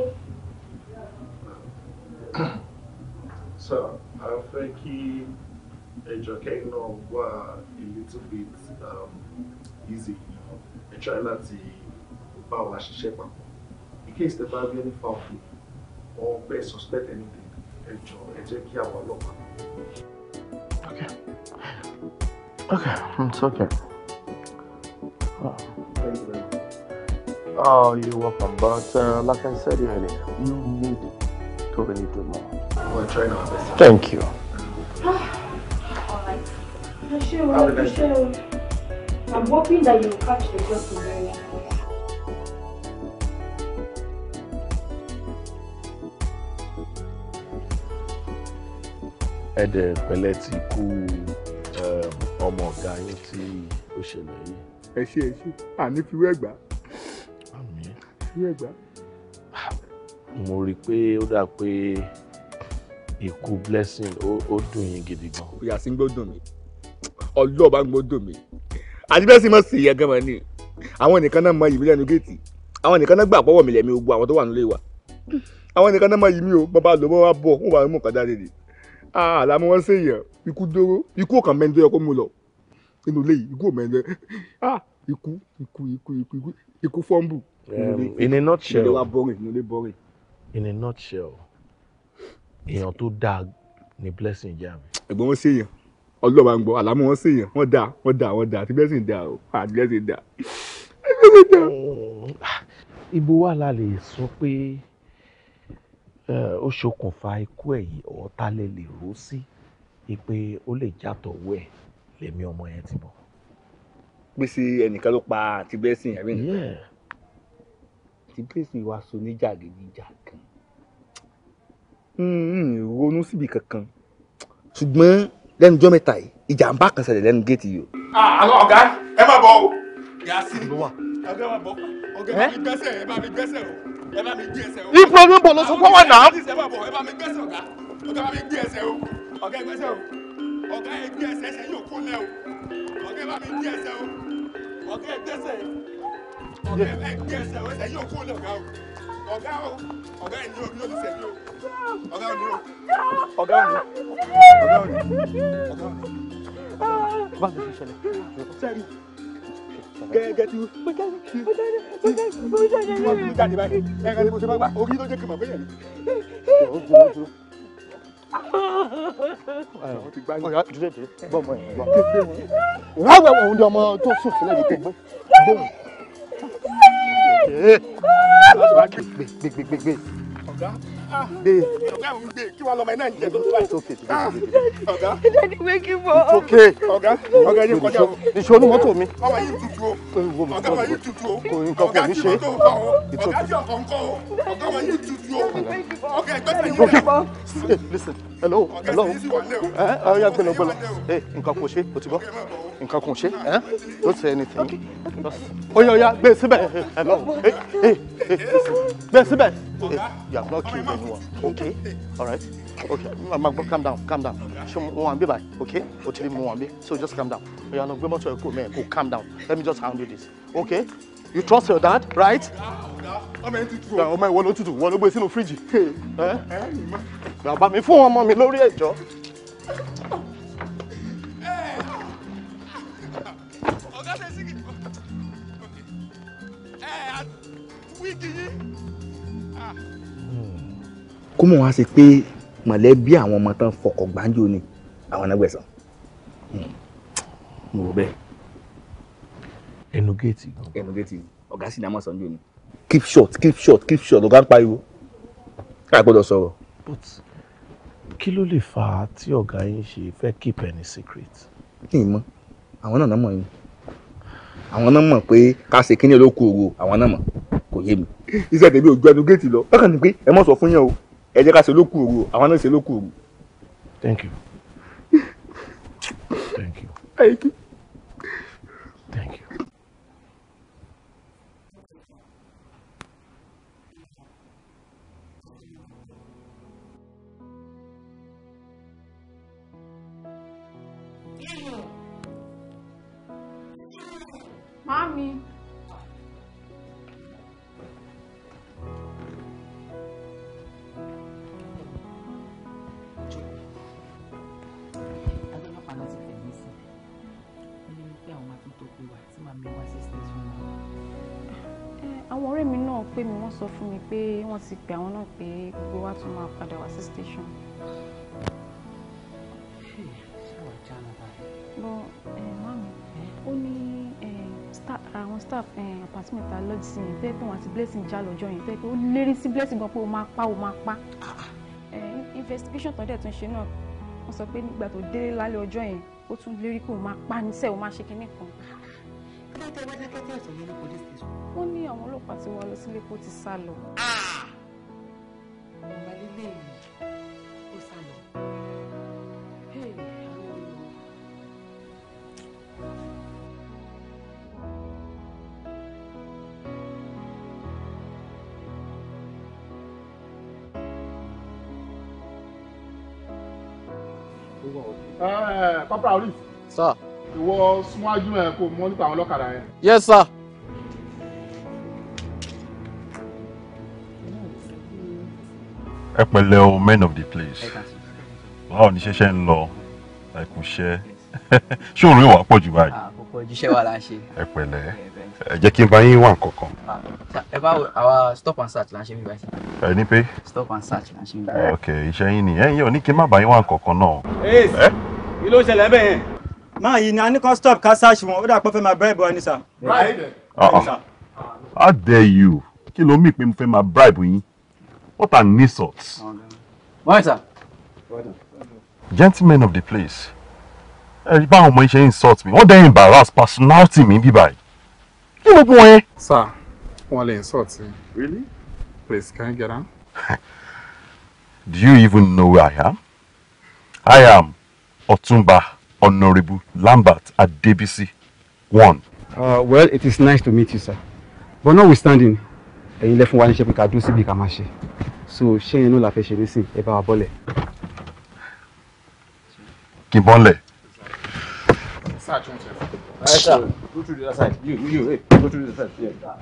sọ àwọn fẹ́ kí ẹjọ kẹ́yìn náà wà a little bit um, easy you know ẹ try láti bá wa ṣiṣẹ́ papọ̀ in case tẹ bá any foul play or bẹ́ẹ̀ suspect anything ẹjọ ẹ jẹ́ kí àwọn okay okay it's okay. Oh. Thank you Oh, you're welcome. But uh, like I said earlier, you need to really do more. We're trying our best. Thank you. All the best. I'm hoping that you'll catch the job very soon. ẹ̀dẹ̀ pẹ̀lẹ́ ti kú um, ọmọ ọ̀gá yín tí ó ṣẹlẹ̀ yìí. ẹ ṣe ẹ ṣe àní fi wẹ́gbà. àmín. fi wẹ́gbà. mo rí i pé ó dà pé ikú blessing ó dùn yín gidi gan. ìyá sí ń gbọ́dọ̀ mi ọlọ́ọ̀ bá ń gbọ́dọ̀ mi àti bẹ́ẹ̀ sì mọ̀ sí ìyẹn gan-an ni àwọn nìkan náà mọ ìmí lẹ́nu géètì àwọn nìkan náà gbà pọ́wọ́ mi lẹ́mí ogun àwọn tó wà nílé wa àwọn nìkan náà mọ ìmí o bàbá lò bọ́ wá bọ̀ wọn bá mú kàdá lèdè àlàmú wọn sèyàn ikú dóró ikú ọ̀kan mẹ́ńdọ́ yẹ kó lọ inú ilé yìí ikú mẹ́ńdọ́ ikú ikú ikú ikú ikú fọ́ńbù. in a nutshell inú ilé wa bọ́rìn inú in a nutshell èèyàn tó dáa ni blessing jẹ́ àmì. ẹ̀gbọ́n wọn sèyàn ọlọ́wà ń gbọ́ àlámọ́ wọn sì yàn wọ́n dà wọ́n dà wọ́n dà àtibẹ́ sì ń dà o àtibẹ́ sì ń dà. ibo wa la lè sọ pé ó ṣokùnfà ikú ẹ̀ yìí ọ̀tá lè lè rò sí pé ó lè jàtọ̀wọ́ ẹ̀ lẹ́mí ọmọ yẹn ti bọ̀. pèsè ẹnìkan ló pa àtibẹ́ sì yàn bẹ́ẹ̀ ni àtibẹ́ sì wá so ní jàgídíjàgan hmm, ronú síbi kankan ṣùgbọ́n lẹ́nu jọ́ mẹ́ta yìí ìjàmbá kan ṣẹlẹ̀ lẹ́nu géètì yìí o. àwọn ọ̀gá ẹ má bọ̀ o. yasi ọ̀gá má bọ̀ ọ̀gá ẹ bá mi gbẹ́sẹ̀ ẹ bá mi gbẹ́sẹ̀ o ẹ bá mi gbé ẹsẹ̀ o. ipò mi bọ̀ ló sọ fún wa náà. ẹ má bọ̀ ẹ bá mi gbẹ́sẹ̀ ọ̀gá ọ̀gá bá mi gbé ẹsẹ̀ o ọ̀gá ẹ gbẹ́sẹ̀ o ọ̀gá ẹ gbé ẹsẹ̀ ẹsẹ̀ yóò kó lẹ̀ o ọ̀gá ẹ bá mi gbé ẹsẹ̀ o ọ̀gá ẹ gbẹ́sẹ̀ ọ̀gá ẹ gbé ẹsẹ̀ ẹsẹ̀ yóò kó lẹ̀ ọ̀gá o ọ̀gá o ọ̀gá ẹ̀ ní omi lójú sẹ́yìn o ọ̀gá òní o ọ̀gá òní ọ̀gá òní ọ̀gá òní. bá a lè ṣe ṣẹlẹ̀. sẹ́ẹ̀rì gẹ́gẹ́ tí mo jáde mo jáde mo jáde mo jáde mo jáde mo jáde báyìí ẹ̀ka ni mo ṣe máa gbá orí ló jẹ́ kí n mọ̀ pé yẹn ni ọ̀yà dúdé dé bọ́mọ ẹ̀ wá. ìwà àwọn ọ̀hún di ọmọ tó sùn sílẹ̀ yìí tó gbé gbègbègbègbè. ọ̀gá Dey. Ọ̀gá mi dey kí wàá lọ́mọ iná ìjẹ́ tó tó báyìí. It's okay. Ah, ọ̀gá. Dádì wé kí bọ̀. It's okay. Ọ̀gá. Ọ̀gá yín kọjá o. Nìṣó ni mọ́tò mi. Ọmọ yìí tutù o. Ọ̀gá ọmọ yìí tutù o. Ọ̀gá tí mọ́tò ń bọ̀ o. Ọ̀gá tí ọkọ̀ ń kọ́ o. Ọ̀gá ọmọ yìí tutù o. Ọ̀gá ẹgbẹ́ tí yín wọ̀. Listen. Hello. Hello. Ẹ ẹ ọ̀yà gbẹ̀lọ̀ gbẹ̀lọ̀. Ẹ nǹkan kò ṣe o ti bọ́. Nǹkan kò ṣe. Ẹ don't say anything. Oya oya gbé e síbẹ̀. Hello. Gbé e síbẹ̀. Hey, you have not killed anyone. Okay? All right? Okay. Magbo, calm down, calm down. Show mo wà ń bí Okay? O ti rí mo wà So just calm down. Oya no gbé mọ́tò ẹ̀ kúrò man. kò calm down. Let me just handle this. Okay? You trust your dad, right? Yeah, ẹ̀ tutù o. Ọmọ ìwọ ló tutù, wọ́n ló gbé sínú fíríjì. Bàbá mi fún ọmọ mi lórí ẹ̀jọ́. Ọ̀gá ṣe sí kìkọ́. Ẹ̀ wíìgì kó mọ̀ wá sí pé mọ̀lẹ́bí àwọn ọmọ tán fọkọ̀ gbáǹjo ni àwọn anágbẹ̀sán hmm. mo rò bẹ́ẹ̀. ẹnu géètì gan. ẹnu géètì ọ̀gá sì ní àmọ́ ni. keep short keep short keep short ọ̀gá ń pariwo ká gbọ́dọ̀ sọ̀rọ̀. but kí ló lè fà á tí ọ̀gá yín ṣe fẹ́ keep any secret. kí ni mo àwọn náà mọ̀ yín àwọn náà mọ̀ pé ká ṣe kíní olókùú òru àwọn náà mọ̀ kò yé mi iṣẹ́ tẹ̀lé ojú ẹnu géètì lọ bákan ni pé ẹ mọ̀ sọ fún yẹn o ẹ jẹ́ ká ṣe lókù òru àwọn náà ṣe lókù òru. thank you thank you thank you thank you. Mami. àwọn ọ̀rẹ́ mi náà pé mi wọ́n sọ fún mi pé wọ́n ti pè àwọn náà pé gbogbo wa tún máa padà wá sí station. bọ́ ẹ̀ mami ó ní àwọn staff apartment alọ́dísìn yẹn tẹ́ pé wọ́n àti blessing já lọ́jọ́ yẹn tẹ́ pé ó lérí sí blessing gan pé ó máa pa ó máa pa investigation tó dẹ̀ tún ṣe náà wọ́n sọ pé nígbà tó délé lálẹ́ ọjọ́ yẹn ó tún lérí pé ó máa pa níṣẹ́ ó máa ṣe kinní kan kílódé tẹ wá dákẹ́jẹ́ ọ̀sán yẹn ní police station. ó ní àwọn ọlọ́pàá tí wọ́n lọ sílé kó ti sá lọ. Ah! ọmọ ilé eh, Sir ìwọ súnwájú ẹ kò mọ̀ nípa àwọn ọlọ́kadà yẹn. yes sir. ẹ pẹ̀lẹ́ o men of the place báwo ni ṣẹ̀ṣẹ̀ ń lọ ẹkùn ṣẹ ṣé òun ìwà pọ̀ jù báyìí. àkókò ojúṣe wa la ṣe. ẹ pẹ̀lẹ́ ẹ jẹ́ kí n bá yín wà nǹkankan. ẹ bá àwa stop and search la ṣe mi báyìí. ẹ pé. stop and search la ṣe mi báyìí. ok iṣẹ́ yín ni ẹ̀yin ò ní kí n má bá yín wà nǹkankan náà. ẹ kí ló ṣẹlẹ̀ bẹ́ẹ̀ yẹn máa yìí ni a ní kan stop ká ṣáàṣì wọn ó dà pé fẹ́ máa bribe wa ni sà. Ah, ah. how dare you kí ló mí pé mo fẹ́ máa bribe yín what an insult. wọ́n gentlemen of the place ẹ rí báwọn ọmọ yìí ṣe insult mi wọ́n dẹ́ embarrass personality mi bíbáyìí kí ló gún wọn sir wọn lè insult me. really? please can you get am. do you even know where i am? i am Ọ̀túnba. Honorable Lambert at DBC, One. Uh, well, it is nice to meet you, sir. But notwithstanding, ẹ̀yin left one ship níṣẹ́ pé ká dúró So she yẹn ló la fẹ́ ṣe nísìn ẹ bá wa bọ́lẹ̀. Sir, come to the other side. You, you, hey, go to the other side. Yeah.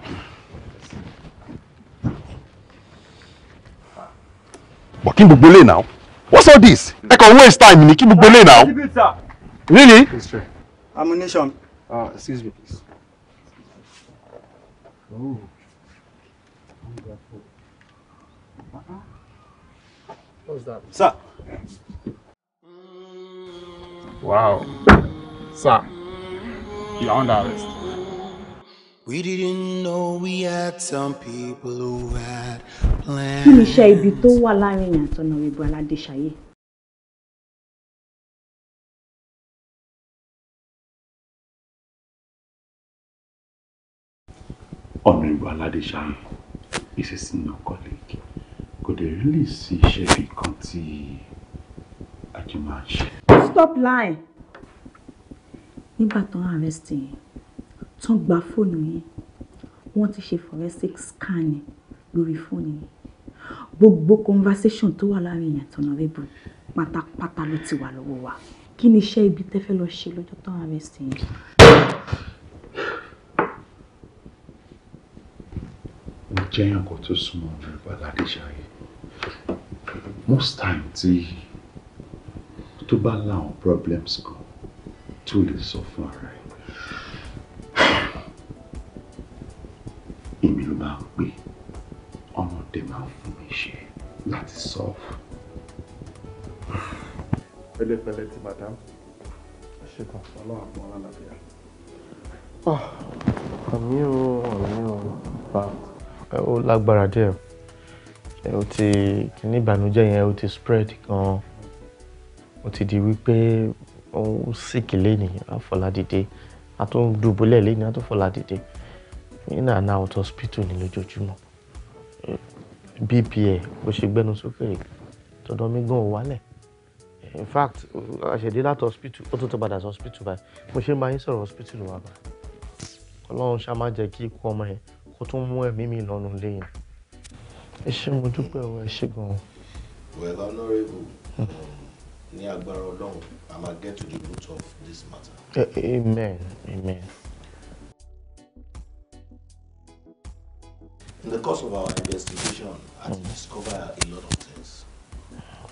But kí n now? What's all this? I can waste time in kí n gbogbo lè now? Really? Yes, sir. Ammunition. Uh, excuse me, please. Oh. Wonderful. uh What's that? Sir. Wow. Sir, you're under arrest. We didn't know we had some people who had plans. Kí ni iṣẹ́ ibi tó wà láàrin ìyàtọ̀ náà ìbú Aládéṣayé? Honourable Aládéṣayé is a senior colleague kò dẹ̀ rí lè sí iṣẹ́ bí kan tí stop lying. nígbà tó ń arrest yẹn tó ń gba fóònù yẹn wọ́n ti ṣe forensic scanning lórí fóònù yẹn gbogbo conversation tó wà láàrin èèyàn tó Honourable pátápátá ló ti wà lọ́wọ́ wa kí ni iṣẹ́ ibi tẹ́fẹ́ lọ ṣe lọ́jọ́ tó ń arrest yẹn. jẹ́ nǹkan tó súnmọ́ nípa Ládéṣà yìí most time tí tó bá láwọn problems kan tó lè sọ fún ara ẹ̀ èmi ló máa ń pè ọ̀nà máa ń fún mi ṣe láti solve. pẹ̀lẹ́pẹ̀lẹ́ ti madam ṣe kan ọlọ́run àpọn ọlọ́run àbíyá. àmì ò àmì ò bá a ó lágbára díẹ̀ ó ti kíní ìbànújẹ́ yẹn ó ti spread gan-an ó ti di wípé ó ń sìkì lẹ́nìí àfọládìde àtó ń dùbúlẹ̀ lẹ́nìí àtòfọládìde nínú àná out hospital ní lójoojúmọ́ bp ẹ̀ bó ṣe gbẹ́nu sókè tọ̀dọ̀ mi gan ò wálẹ̀ in fact àṣẹdé láti hospital ó tó tó padà sí hospital báyìí mo ṣe máa ń sọ̀rọ̀ hospital wà báyìí ọlọ́run ṣá máa jẹ́ kí ikú ọmọ yẹn ó tún mú ẹ̀mí mi lọ́nu lẹ́yìn ẹ ṣé mo dúpẹ́ ọ ẹ ṣé gan-an. well honourable um, ní agbára ọlọ́run i ma get to the root of this matter. amen amen. In the course of our investigation, I mm. discovered a lot of things.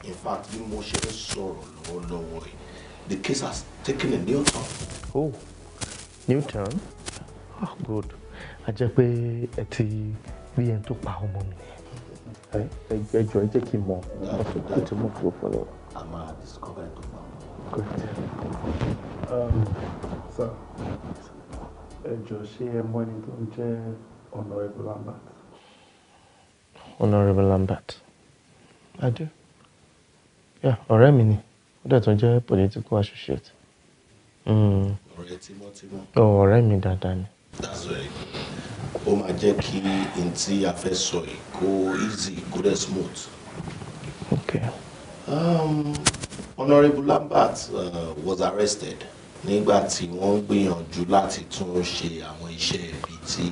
In fact, bí mo ṣe ń sọ̀rọ̀ lọ́wọ́lọ́wọ́ yìí, the case has taken a new turn. Oh, new turn? Oh, good a jẹ́ pé ẹ ti rí ẹni tó pa ọmọ mi. ẹ jọ ẹ jẹ́ kí n mọ ọtún kò tí mo fò fọlọ. a máa discover tó pa ọmọ. great. Um, sir ẹ jọ ṣé ẹ mọ ẹni tó ń jẹ́ honourable Lambert. honourable Lambert I do ọ̀rẹ́ mi ni ó dẹ̀ tún jẹ́ political associate. Hmm. Oh, ọ̀rẹ́ mi dáadáa ni that's right ó máa jẹ́ kí n tí a fẹ́ sọ yìí kó easy kó dẹ̀ smooth. Okay. Um, Honourable Lambert uh, was arrested nígbà tí wọ́n ń gbìyànjú láti tún ṣe àwọn iṣẹ́ ibi tí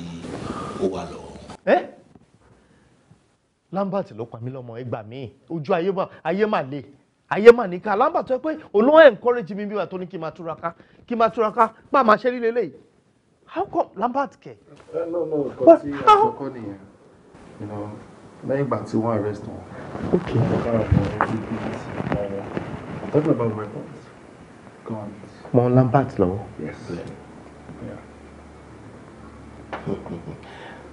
ó wà lọ. ẹ eh? Lambert ló pa mí lọ́mọ ẹgbà mi ojú ayé mà ayé mà le ayé mà níkà Lambert tó yẹ pé olóhùn encourage mi bí wà tó ní kí n máa túraká kí n máa túraká pàmò àṣẹ líle léyìí how come Lambert kẹ. Eh, no no nǹkan tí àkọ́kọ́ nìyẹn you know lẹ́yìn ìgbà tí wọ́n arrest Okay. I'm talking about my boss gone. mo ń Lambert lọ́wọ́. yes. Yeah.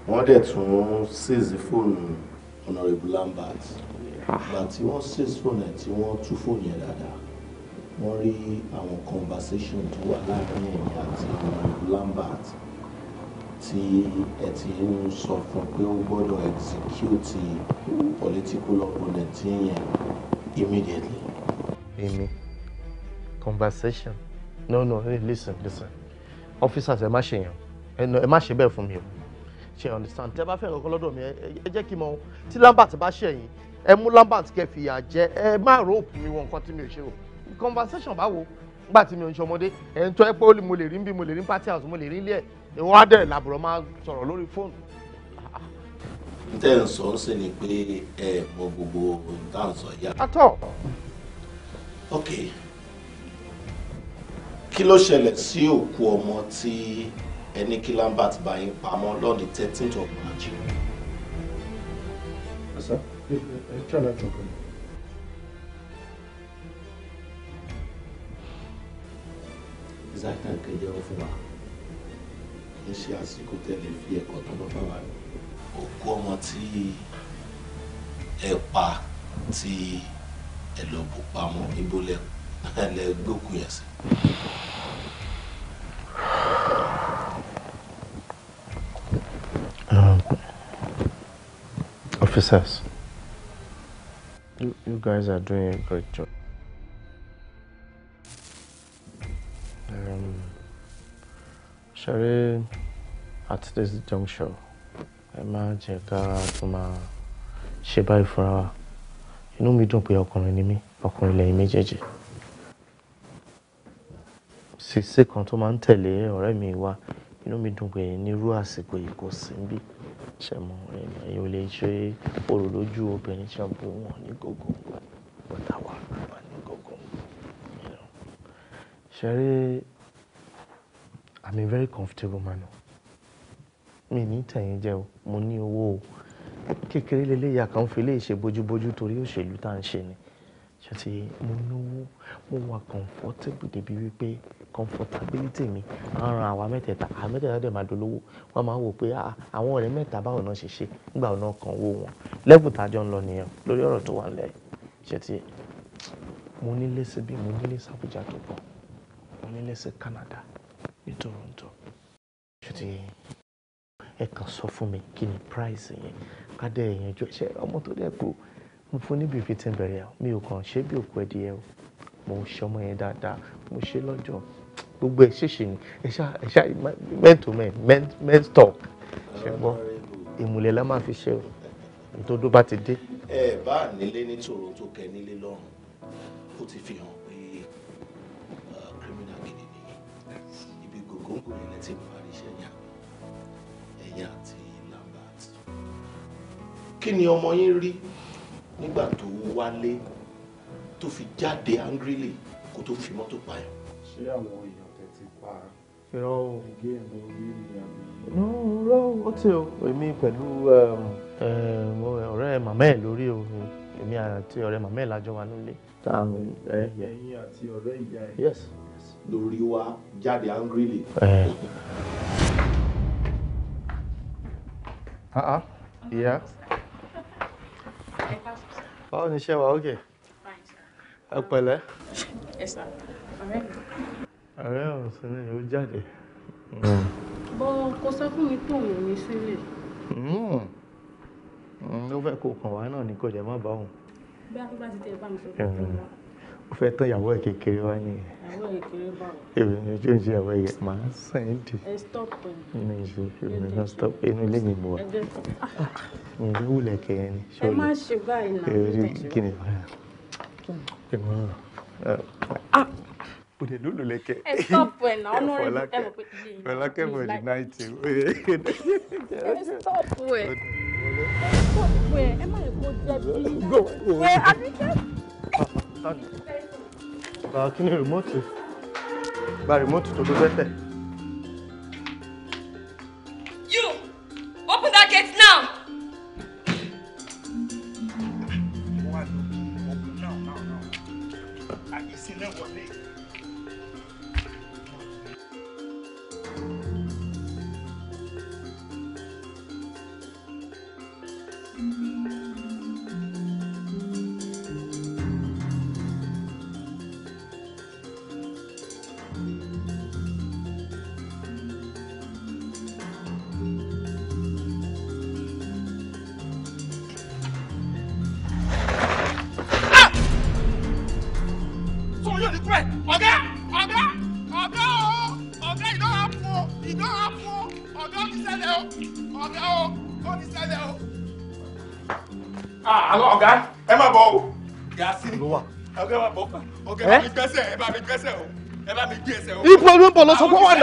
wọ́n dẹ̀ tún seize phone honorable Lambert. but he wọ́n seize phone and he wọ́n tú phone yẹn dáadáa wọ́n rí àwọn conversation tó wà láàrin ẹ̀yìn àti Lambert tí ẹ ti ń sọ fún pé ó gbọ́dọ̀ execute political opponent yẹn immediately. èmi conversation no no hey listen listen officers ẹ má ṣe yàn ẹ má ṣe bẹ́ẹ̀ fún mi o ṣe understand tẹ bá fẹ́ nǹkan lọ́dọ̀ mi ẹ jẹ́ kí n mọ tí Lambert bá ṣẹ̀yìn ẹ mú Lambert kẹ́ fìyà jẹ ẹ má rò ó mi wọ nǹkan tí mi ò ṣe o conversation báwo gbà tí mi ò ń ṣọmọdé ẹ̀ ń tọ́ ẹ pé mo lè rí bí mo lè rí party house mo lè rí ilé ẹ̀ wọ́n á dẹ̀ máa sọ̀rọ̀ lórí fóònù. tẹ́ ń sọ ń sìn ni pé ẹ mọ gbogbo ohun tá à ń ok kí ló ṣẹlẹ̀ sí òkú ọmọ tí ẹni kí lambert bá yín pamọ́ lọ́ọ̀dì thirteenth of march. ẹ ṣáà ẹ ṣáà láti ọkọ mi. zakan kẹjẹ ó fún wa kì ṣe àsìkò tẹ́lẹ̀ fi ẹ̀kọ́ tó lọ bá wa òkú ọmọ tí ẹ pa tí ẹ lọ bò pamọ́ níbo lẹ gbókùn yẹn sí. Officers, you, you guys are doing a great job. ṣeré at this juncture ẹ má jẹ́ ká tún máa ṣe báyìí fúnra wa inú mi dùn pé ọkùnrin ni mí ọkùnrin lẹ́yìn méjèèjì ṣìṣe kan tó máa ń tẹ̀lé ọ̀rẹ́ mi wá inú mi dùn pé nírú àsìkò yìí kò sí níbí ṣẹ̀mọ̀ ẹ̀yìn ò lè ṣe orò lójú obìnrin ṣàbò wọn ní gbogbo pátá wà ní gbogbo ṣeré. I'm a very comfortable man o mi ní tẹ̀yìn jẹ́ o mo ní owó o kékeré leléyà kan fi lè ṣe bójúbójú torí òṣèlú tá à ń ṣe ni ṣètì mo lówó mo wà comfortable débi wípé comfortability mi á ran àwa mẹ́tẹ̀ẹ̀ta àwa mẹ́tẹ̀ẹ̀ta dẹ̀ máa dolówó wọ́n máa wò pé àwọn ọ̀rẹ́ mẹ́ta báwo náà ṣe ṣe nígbà ọ̀nà kan owó wọn level tájọ ń lọ nìyẹn lórí ọ̀rọ̀ tó wà ń lẹ̀ ṣètì mo nílé síbí mo nílé sí Àbújá tó pọ̀ mo nílé sí Canada ìtòròntò. Ṣùtì ẹ kàn sọ fún mi kí ni price yẹn ká dẹ̀ yanjú ẹ̀ ṣe ọmọ tó dẹ̀ kú mo fún ní bíi fifteen bẹ̀rẹ̀ à mi ò kàn ṣe bí òkú ẹdìyẹ o mo ṣe ọmọ yẹn dáadáa mo ṣe lọ́jọ́ gbogbo ẹ̀ ṣèṣe ni ẹ ṣá ẹ ṣá mẹ́ntò mẹ́ mẹ́ntò ṣe gbọ́ ìmùlẹ̀ la máa fi ṣe o nítorí bá ti dé. ẹ bá nílé ní Toronto kẹ nílé lọ́rùn ó ti fi hàn gbogbo ilẹ̀ tí ń parí iṣẹ́ yà ẹ̀yìn àti Lambert kí ni ọmọ yín rí nígbà tó wálé tó fi jáde angrily kó tó fi mọ́tò pààyàn. ṣé àwọn èèyàn tẹ ti pa fẹ́ràn ògé ẹ̀mí orí ni àbí. ó ti o èmi pẹ̀lú um, um, ọ̀rẹ́ màmá ẹ̀ lórí o èmi àti ọ̀rẹ́ màmá ẹ̀ lájọ wà nílé. ẹ̀yin àti ọ̀rẹ́ ìyá ẹ̀ lórí wa jáde angrily. ìyá eh. ah, ah. báwo ni iṣẹ́ wa ókè ẹ pẹ̀lẹ́. ọ̀rẹ́ ọ̀hún sí ni ó jáde. Hmm. bọ́ kò sọ fún mi pé òun ò ní sílẹ̀. Hmm. Hmm, ó fẹ́ kó kàn wá náà ni kò dẹ̀ má bá òun. bí a tó bá ti tẹ̀ bá mi sọ fún mi ó fẹ́ tán ìyàwó ẹ̀ kékeré wá nìyẹn. ìyàwó ẹ̀ kékeré bá wọ. èmi ni ojú ìṣe ìyàwó ẹ̀ máa sàn é dì. ẹ stop ẹ. inú ìṣe èmi náà stop inú ilé mi mọ̀ wá. mi ò wúlẹ̀ kẹ́yìn ni. ẹ má ṣe báyìí náà. èmi kí ni báyà. èmi náà o de lolo lẹkẹ. ẹ stop ẹ na ọnu rẹ ẹ mọ pé yìí. fọlákẹ́ for the night o. ẹ stop ẹ ẹ stop ẹ má lè kó jẹ bí. wẹ àbíkẹ́ gba kí ni rìmọ́ọ̀tù gba rìmọ́ọ̀tù tó tó fẹ́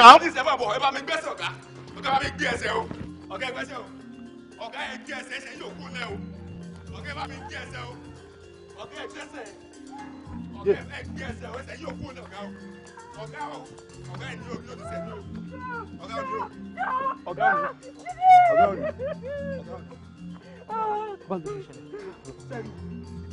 náà. ní sẹ́fà bọ̀ ẹ mi gbẹ́sẹ̀ ọ̀gá ọ̀gá mi gbé ẹsẹ̀ o ọ̀gá ẹ o ọ̀gá ẹ gbé ẹsẹ̀ ẹsẹ̀ yóò kún lẹ o ọ̀gá ẹ mi gbé ẹsẹ̀ o ọ̀gá ẹ ọ̀gá ẹ gbé ẹsẹ̀ o ẹsẹ̀ yóò kún lẹ ọ̀gá o ọ̀gá o ọ̀gá ẹ ní omi olùsẹ̀ ní o ọ̀gá o ní o ọ̀gá o ní ọ̀gá o ní ọ̀gá o ní.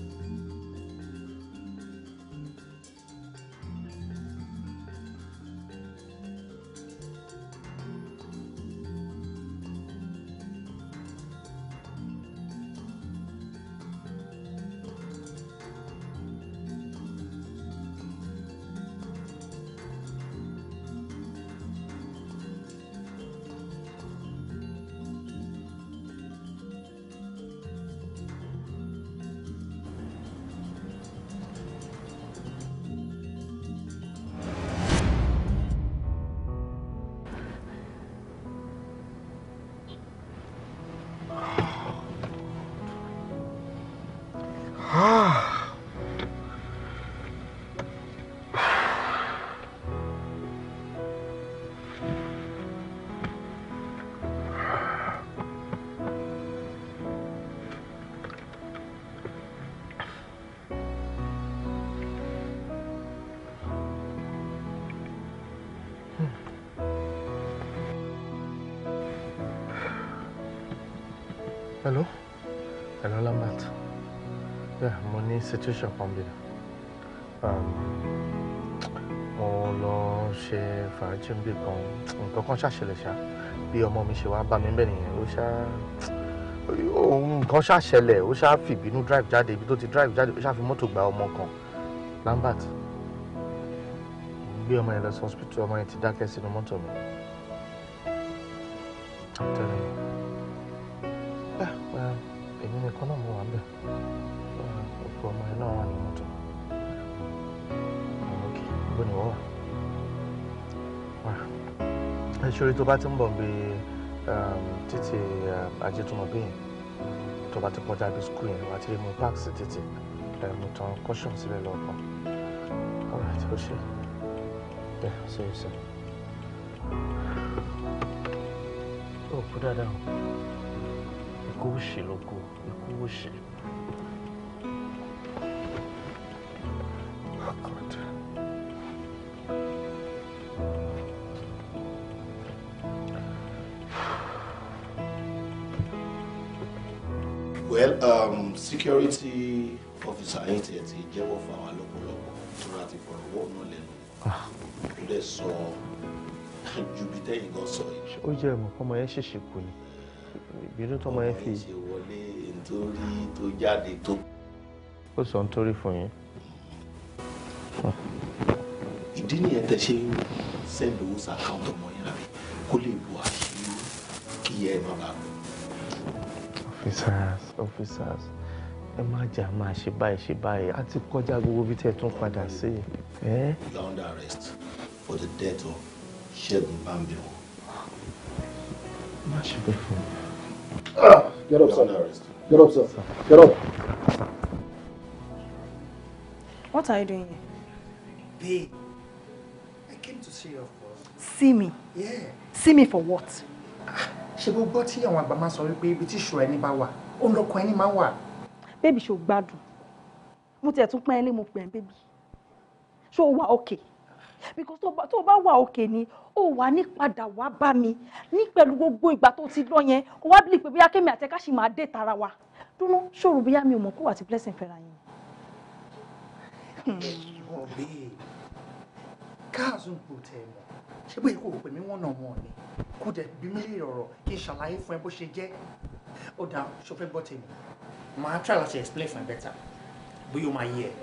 situation kan bí um, mo lọ ṣe fàájì ń bì kan nǹkan kan ṣàṣẹlẹ̀ ṣá bí ọmọ mi ṣe wá bá mi bẹ́ẹ̀ nìyẹn ó ṣá ohun nǹkan ṣàṣẹlẹ̀ ó ṣá fìbínú drive jáde ibi tó ti drive jáde ó ṣá fi mọ́tò gba ọmọ kan Lambert gbé ọmọ yẹn lọ sí hospital ọmọ yẹn ti dákẹ́ sínú mọ́tò mi. tẹ́lẹ̀ ah, èmi nìkan náà mo wà ń bẹ̀ ọkọ ọmọ ẹ náà wà ní mọ́tò ọ̀kẹ́ bó ni wọ́n wà ẹ ṣorí tó bá ti ń bọ̀ bí títí ajétúmọ̀ bẹ́ẹ̀ tó bá ti kọjá bí skul yẹn wà á ti rí mu park sí títì mo tan caution síbẹ̀ lọ́kàn ọ̀rọ̀ àti ó ṣe bẹ́ẹ̀ ṣe é ṣe ó kú dáadáa o ikú òṣì ló kú ikú òṣì. security officer yìí tiẹ̀ ti jẹ́wọ́ fún àwa lọ́pọ̀lọpọ̀ tó ra ti fọ̀rọ̀ wọ́ọ̀ náà lẹ́nu tó ah. dẹ̀ sọ ju bí tẹ́yìn gan sọ yìí. ó jẹ́ ìmọ̀ fọmọ yẹn ṣèṣe kù ni ìbínú tọmọ yẹn fi. ọmọ yẹn ṣe wọlé nítorí tó jáde tó. ó sọ nítorí fún yín. ìdí nìyẹn tẹ ṣe sẹ́ndì owó sàkáǹtì ọmọ yẹn rẹ̀ kó lè bu àṣírí kí ẹ má bàa. officers officers ẹ má jà máa ṣe báyìí ṣe báyìí á ti kọjá gbogbo bí tẹ́ tún padà sí i. arrest for the death of Ṣẹ́gun Bámbíwò. má ṣe bẹ́ẹ̀ fún mi. Ah, get up, sir. Get up, sir. Get up. What are you doing here? Babe, I came to see you, of See me? Yeah. See me for what? Ah, ṣé gbogbo tí àwọn àgbà máa sọ wípé ibi tí ìṣòro ẹni bá wà, ó lọ́kọ ẹni máa wà bébì ṣó gbádùn mo tiẹ̀ tún pẹ́ ẹ́ lé mo pẹ́ ẹ́ bébì ṣó wà òkè because tó bá wà òkè ni ó wà ní padà wá bá mi ní pẹ̀lú gbogbo ìgbà tó ti lọ yẹn ó wá bìlì pé bóyá kémi àti ẹ̀ka ṣì máa dé tara wa dúró ṣòro bóyá mi ò mọ̀ kó wà tí blessing fẹ́ra yẹn. Hmm. ẹ̀sùn bíi káàzùn kò tẹ̀ mọ́ ṣé bóyá kò pè mí wọ́n náà wọ́n ni kó dẹ̀ bí mílíọ̀nù ọ̀rọ̀ kí n ṣàlàyé fún ẹ bó ṣe jẹ́ ó dáa ṣọfẹ́ gbọ́ tèmi màá try láti explain for ẹ better bóyá o máa yé ẹ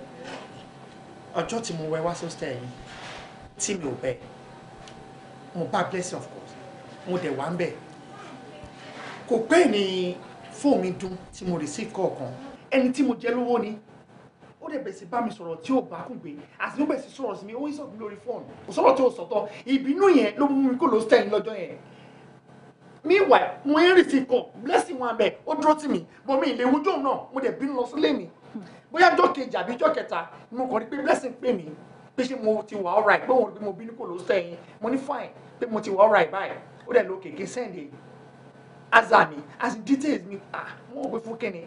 ọjọ́ tí mo wẹ wá sọ́stẹ̀ yìí tí mi ò bẹ̀ mo bá blessing of course mo de wá ń bẹ̀ kò pẹ́ ní mi dún tí mo receive kọ̀ọ̀kan ẹni tí mo jẹ lówó ni ó dẹ̀ bẹ̀ sí ba mi sọ̀rọ̀ tí ò bá kún gbé àti ló bẹ̀ sí sọ̀rọ̀ sí mi ó ń sọ̀rọ̀ lórí fóònù kò sọ̀rọ̀ tí ò sọ̀tọ̀ ìbínú yẹn ló mú mi kó lọ stẹ́yìn lọ́jọ́ yẹn meanwhile mo ń rìn kan blessing wọn abẹ ó dúró tì mí bọ́ mi ìlẹ̀ ìwújọ́ náà mo dẹ̀ bí lọ sílé mi bóyá ọjọ́ kejì àbí ọjọ́ kẹta mo kàn rí pé blessing pè mí pé ṣé mo ti wà alright pé òun rí pé mo bí ní kò ló sẹ́yìn mo ní fine pé mo ti wà alright báyìí ó dẹ̀ lo kèké sẹ́ǹdẹ̀ aza mi as in details mi ah mo gbé fún kẹ́ni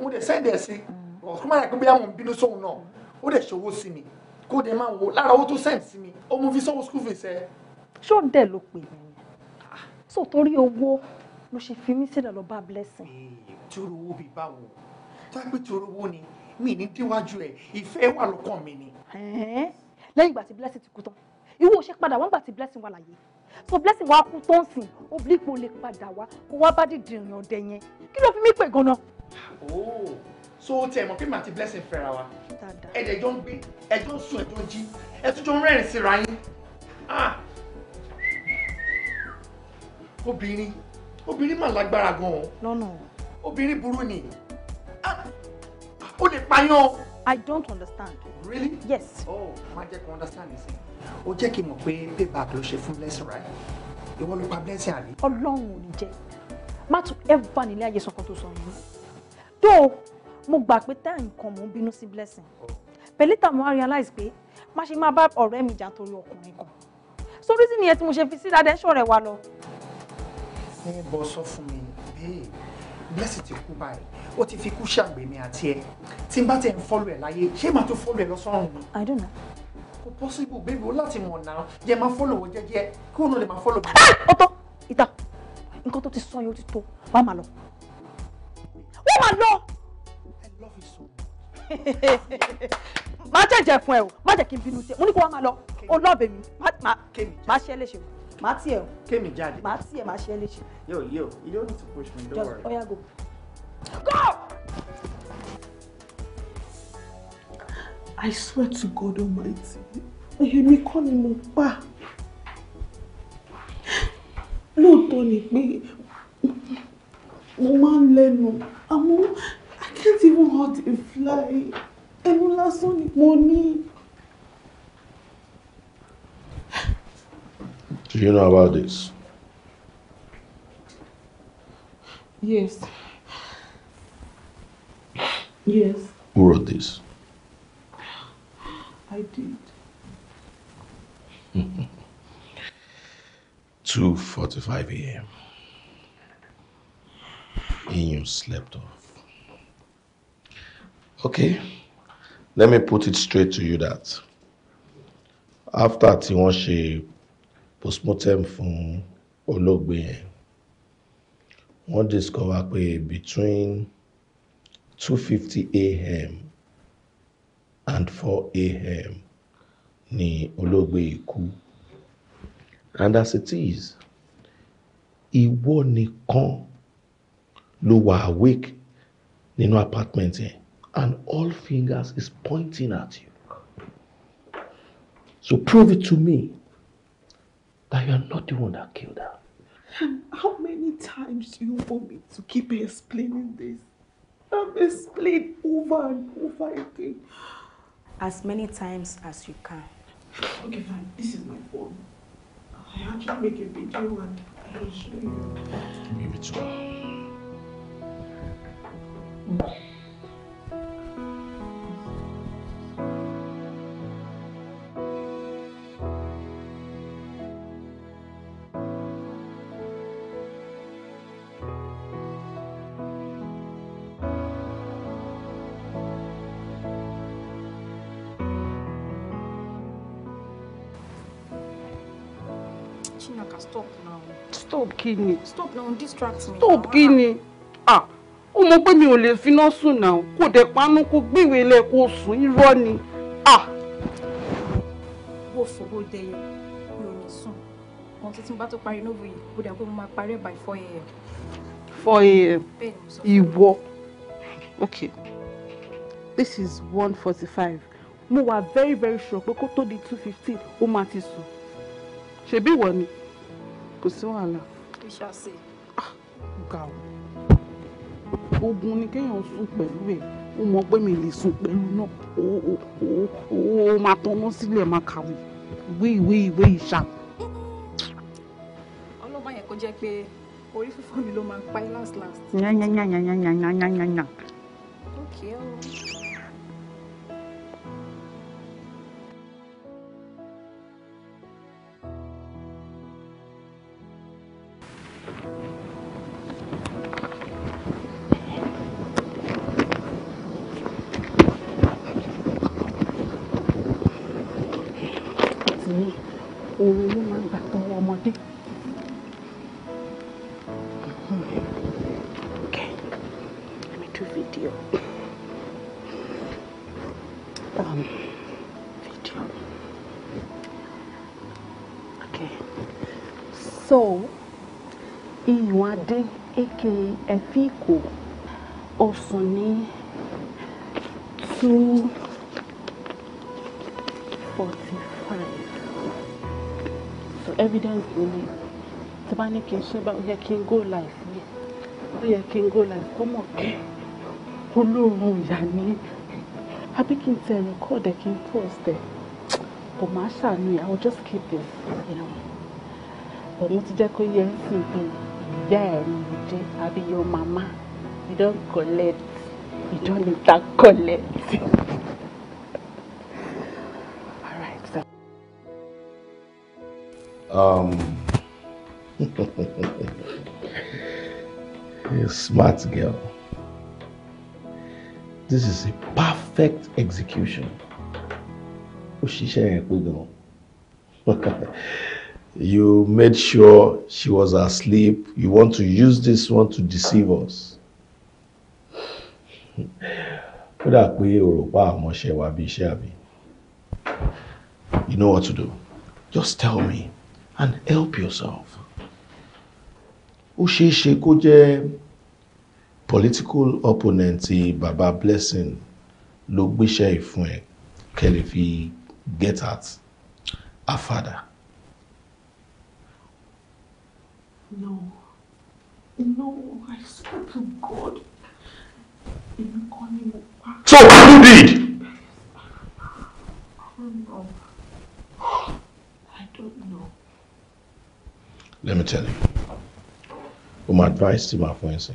mo dẹ̀ sẹ́ǹdẹ̀ sí ọ̀sùn máa rà pé bóyá mo ń bínú sóhun náà ó dẹ̀ ṣòwò sí mi kó dẹ̀ máa wo lára owó tó sẹ́ǹd sí mi ó mú fi sọ́wọ́ school fees ẹ. ṣó ń dẹ̀ ló so torí owó ló ṣe fi mí sílẹ̀ lọ bá blessing. torí owó bíi báwo tábí torí owó ni mi ní déwájú ẹ ìfẹ́ wà lọ́kàn mi ni. lẹ́yìn ìgbà tí blessing ti kú tán ìwọ ò ṣe padà wọ́n gbà tí blessing wà láyé so blessing wàá kú tó ń sìn oblique lè padà wá kó wá bá dìde ìrìn ọ̀dẹ yẹn kí ló fi mí pè gan-an. ooo oh, so ó tẹ ẹ mọ pé màá ti blessing fẹ́ra wa ẹ̀dẹ̀ jọ ń gbé ẹjọ́ ń sùn ẹjọ́ ń jí ẹtújọ́ ń rẹ́rìn síra yín. Ah, obìnrin obìnrin mà lágbára gan-an. lọ́nà obìnrin burú ni ah, ó lè payán. I don't understand. Really? Yes. Oh, má jẹ́ kí n understand nísìn. O jẹ́ kí n mọ̀ pé payback ló ṣe fún blessing right? Ìwọ ló pa blessing àbí? Ọlọ́run ò ní jẹ́. Má tún ẹ́fà nílé ayé sọ̀kan tó sọ yìí. Tó mo gbà pé tá nǹkan mò ń bínú sí blessing. Pẹ̀lítà oh. mo wá realize pé má ṣe máa bá ọ̀rẹ́ mi jà torí ọkùnrin kan. So reason nìyẹn tí mo ṣe fi sí dáadẹ́ṣọ́ rẹ̀ wa lọ ní bọ́ sọ fún mi bẹ́ẹ̀ blessing ti kú báyìí ó ti fi kú ṣàgbémi àti ẹ tí n bá tẹ̀ ń fọ́lù ẹ̀ láyé ṣé màá tó fọ́lù ẹ̀ lọ́sọ̀rùn mi. I don't know. kò possible baby o láti mọ̀ náà yẹ máa fọ́lù wọn jẹ́jẹ́ kí òun lè máa fọ́lù mi. ọ̀tọ̀ ah! ìta nǹkan tó ti sọ yẹn ó ti tó wàá máa lọ wọ́n máa lọ. I love you so much. máa jẹ́jẹ́ fún ẹ o má jẹ́ kí n bínú sí ẹ mo ní kó wá máa lọ o lọ́ọ̀bẹ̀ mi má ṣe é léṣe o má tiẹ̀ o. kémi jáde. má tiẹ̀ má yo yo you don't need to push me don't Just, worry. yeah, go. go. I swear to God Almighty you kọ́ calling mo pa lóòótọ́ ni pé mo máa ń lẹ́nu àmọ́ I can't even hurt a fly ẹnu lásán ni mo ní. Do you know about this? Yes. Yes. Who wrote this? I did. 2.45 a.m. Inyo slept off. Okay, let me put it straight to you that after tí wọ́n ṣe postmortem fún olóògbé yẹn wọ́n discover pé between two fifty a.m. and four a.m. ni olóògbé yìí kú and as it is ìwọ nìkan ló wà awake nínú apartment yẹn and all fingers is pointing at you so prove it to me that you are not the one that killed her. How many times do you want me to keep explaining this? I've explained over and over again. As many times as you can. Okay, fine. This is my phone. I had make a video and I will show you. Give it to her. Mm. kí stop now distract me. stop Kini. ah ó mọ pé mi ò lè finá sùn náà kò dẹ̀ panu kó gbéwèé ilẹ̀ kó sùn irọ́ ni ah. wo fòbó dẹyẹ mi ò ní sùn wọn tuntun bá tó parí novo yìí kó dẹ̀ kó mo máa parí ẹ̀ by four a.m. four a.m. ìwọ okay this is one forty-five mo wà very very sure pé kó tó di two fifteen ó máa ti sùn ṣebí ìwọ ni kò sí wàhálà fi ṣàṣe. ga o ogun ni kéèyàn sùn pẹ̀lú ẹ̀ ó mọ pé mi lè sùn pẹ̀lú náà ó máa tanná sílẹ̀ máa kàwé ìwé ìwé ìwé ìṣà. ọlọ́gbọ́n yẹn kò jẹ́ pé orí fífọ́ mi ló máa ń pa ẹ́ last last. yányányányányányányányányá. ó kì í oh. ọ́. ke Ẹ̀fíkò ọsàn ní two forty five so evidence ni tí bá ní kí n ṣe bá yẹ kí n go live ni ó yẹ kí n go live kó mọ̀ pé olóòórùn ìyá ni àbí kí n tẹ̀ record ẹ̀ kí n post ẹ̀ kò má ṣàánú yà I will just keep this you know. Òun ti jẹ́ kó yẹ ń sìn pé ìyá ẹ̀ Jide, I your mama. You don't collect. You don't intercollect. Um, you smart girl. This is a perfect execution. Ó ṣiṣẹ́ yẹn pé gan-an. You made sure she was asleep. You want to use this one to deceive us. Kódà pé òròpá àmọ́ṣẹ́ wa bí iṣẹ́ àbí. You know what to do. Just tell me and help yourself. Ó ṣeé ṣe kó jẹ́ political opponent ti Baba Blessing ló gbéṣẹ́ ìfún ẹ̀ kẹ́ fi get at her father. No. No, I swear to God. So who did? I don't know. I don't know. Let me tell you. My advice to my friends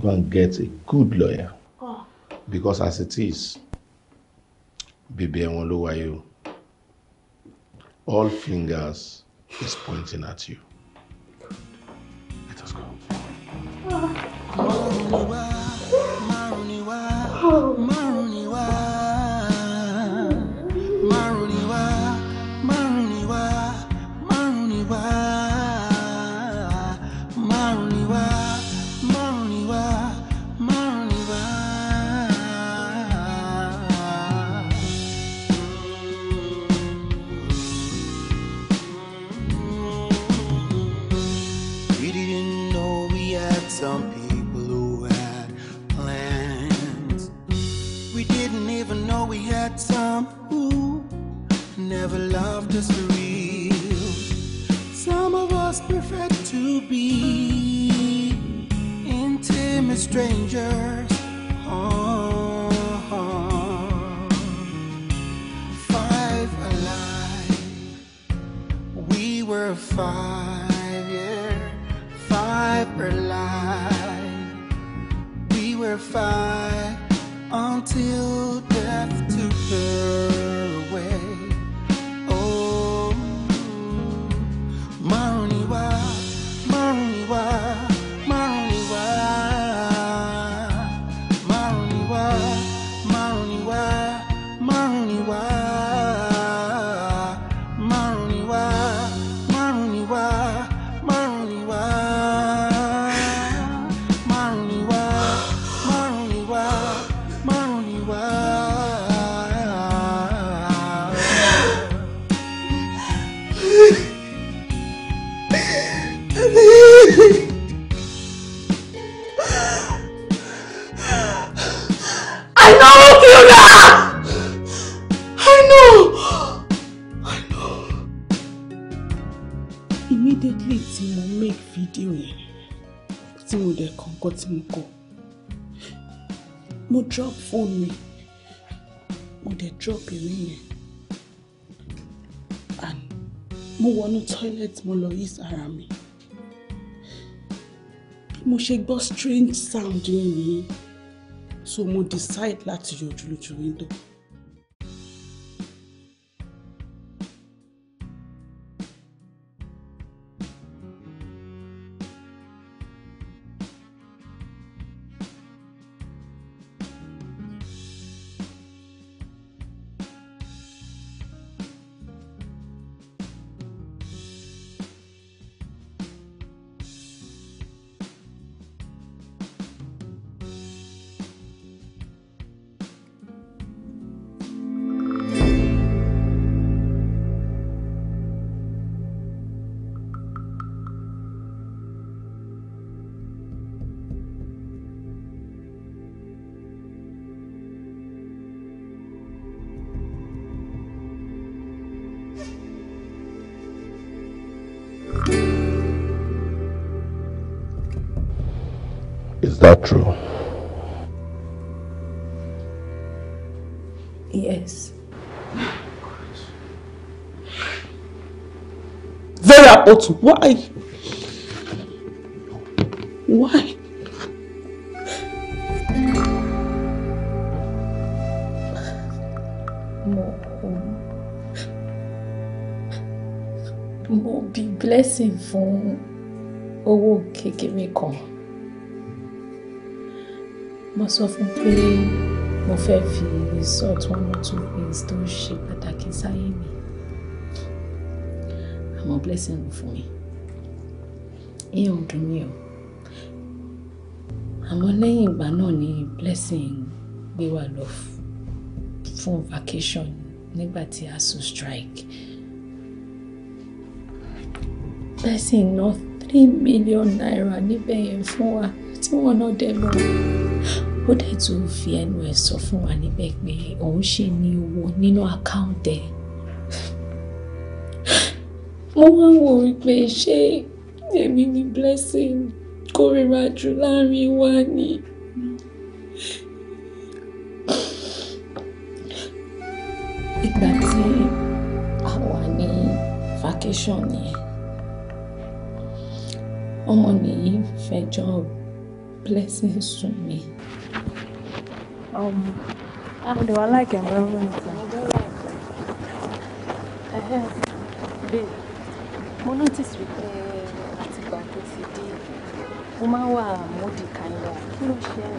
go and get a good lawyer. Oh. Because as it is, bèbè ẹ̀wọ̀n ló wáyé you: All fingers is pointing at you. yẹn tí mo dẹ̀ kọ́ nǹkan tí mo kọ́ mo drop phone mi mo dẹ̀ drop ìwé yẹn and mo wọnú toilet mo lọ yí sára mi bí mo ṣe gbọ́ strange sound yẹn nìyẹn so mo decide láti yọjú lójú window. that true? Yes. Very important. Why? Why? Mo be blessing fún owó kékeré kan mo sọ fún pé mo fẹ́ fi resort one or two things tó ṣe pàtàkì sáyé mi àmọ́ blessing ló fún mi ìyẹn ò dùn mí o àmọ́ lẹ́yìn ìgbà náà ni blessing gbé wa lọ fún vacation nígbà tí ASUU strike blessing náà three million naira níbẹ̀ yẹn fún wa tí wọ́n náà dẹ̀ lọ ó dẹ̀ tún fi ẹnu ẹ̀ sọ fún wa níbẹ̀ pé òun ṣì ní owó nínú àkáǹtì ẹ̀ mo wá wò wípé ṣé èmi ni blessing kórìíra jù láàrin wa ni. ìgbà tí a wà ní vacation yẹn ọmọ nìyí fẹjọ́ blessing sùn mi. Um, oh, they were like environment. Babe, mo notice wípé eh, àtìgbà tó ti dé, mo máa ń wà moody kind of. Kí ló ṣe é?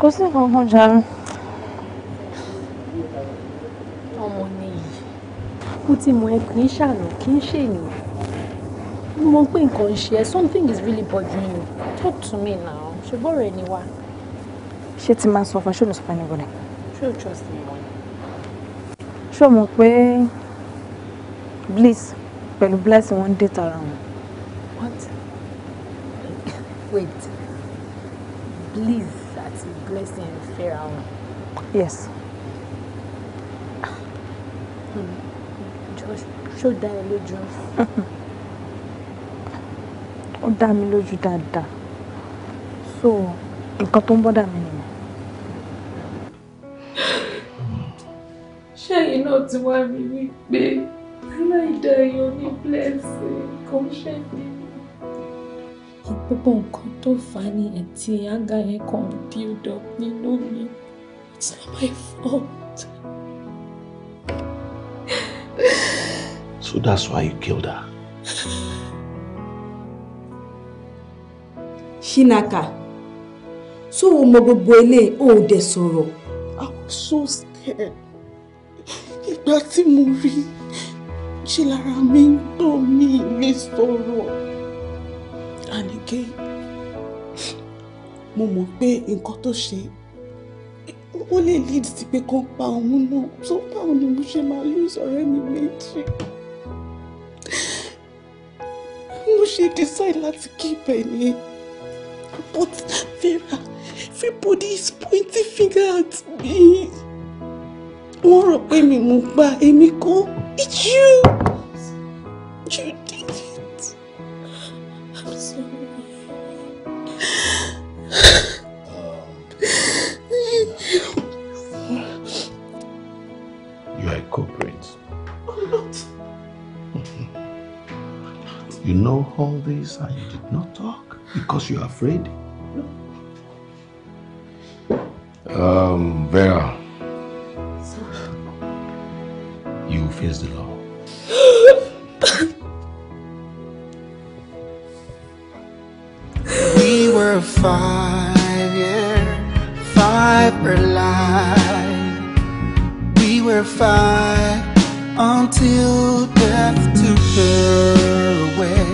Kò sí kankan jàre. Ọmọ ni yìí, mo ti mọ ẹ kì í ṣàná, kì í Mo mọ pé nǹkan something is really bothering you. Talk to me now, ṣe bọ́ọ̀rọ̀ ẹni ṣé ti máa sọ fún ṣé ò ní sọ fún anybody. ṣé o trust me mọ́ ni. ṣé o mọ̀ pé bliss pẹ̀lú blessing wọ́n ń dé tara wọn. what wait bliss àti blessing fẹ́ra wọn. yes. ṣó dá ẹ lójú. ó dá mi lójú dáadáa so nǹkan tó ń bọ́dà mi nìyẹn. ti wá rí wípé aláìda èèyàn ní blessing kò ṣe ní. gbogbo nǹkan tó fà á ní ẹ̀tí àga yẹn kan build up nínú mi it's not my fault. so that's why you killed her. Shinaka so o mọ gbogbo eléyìí o ò dẹ̀ sọ̀rọ̀. I was so scared ìgbà tí mo rí ṣe lára mi ń tọ́ mi lè sọ̀rọ̀ and again mo mọ̀ pé nǹkan tó ṣe ó lè lead sí pé kán pa òun náà tó báwo ni mo ṣe máa lose ọ̀rẹ́ mi méjì mo ṣe decide láti keep ẹ ní but Vera everybody is pointing finger at me wọ́n rò pé mi mú gba èmi kọ́ it's you you did it i'm sorry. you are a culprit. I'm not. you know all this and you did not talk because you are afraid. Um, Vera. you will face the law. we were five, yeah, five for life. We were five until death took her away.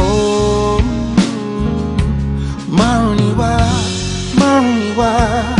Oh, Maruniwa, Maruniwa.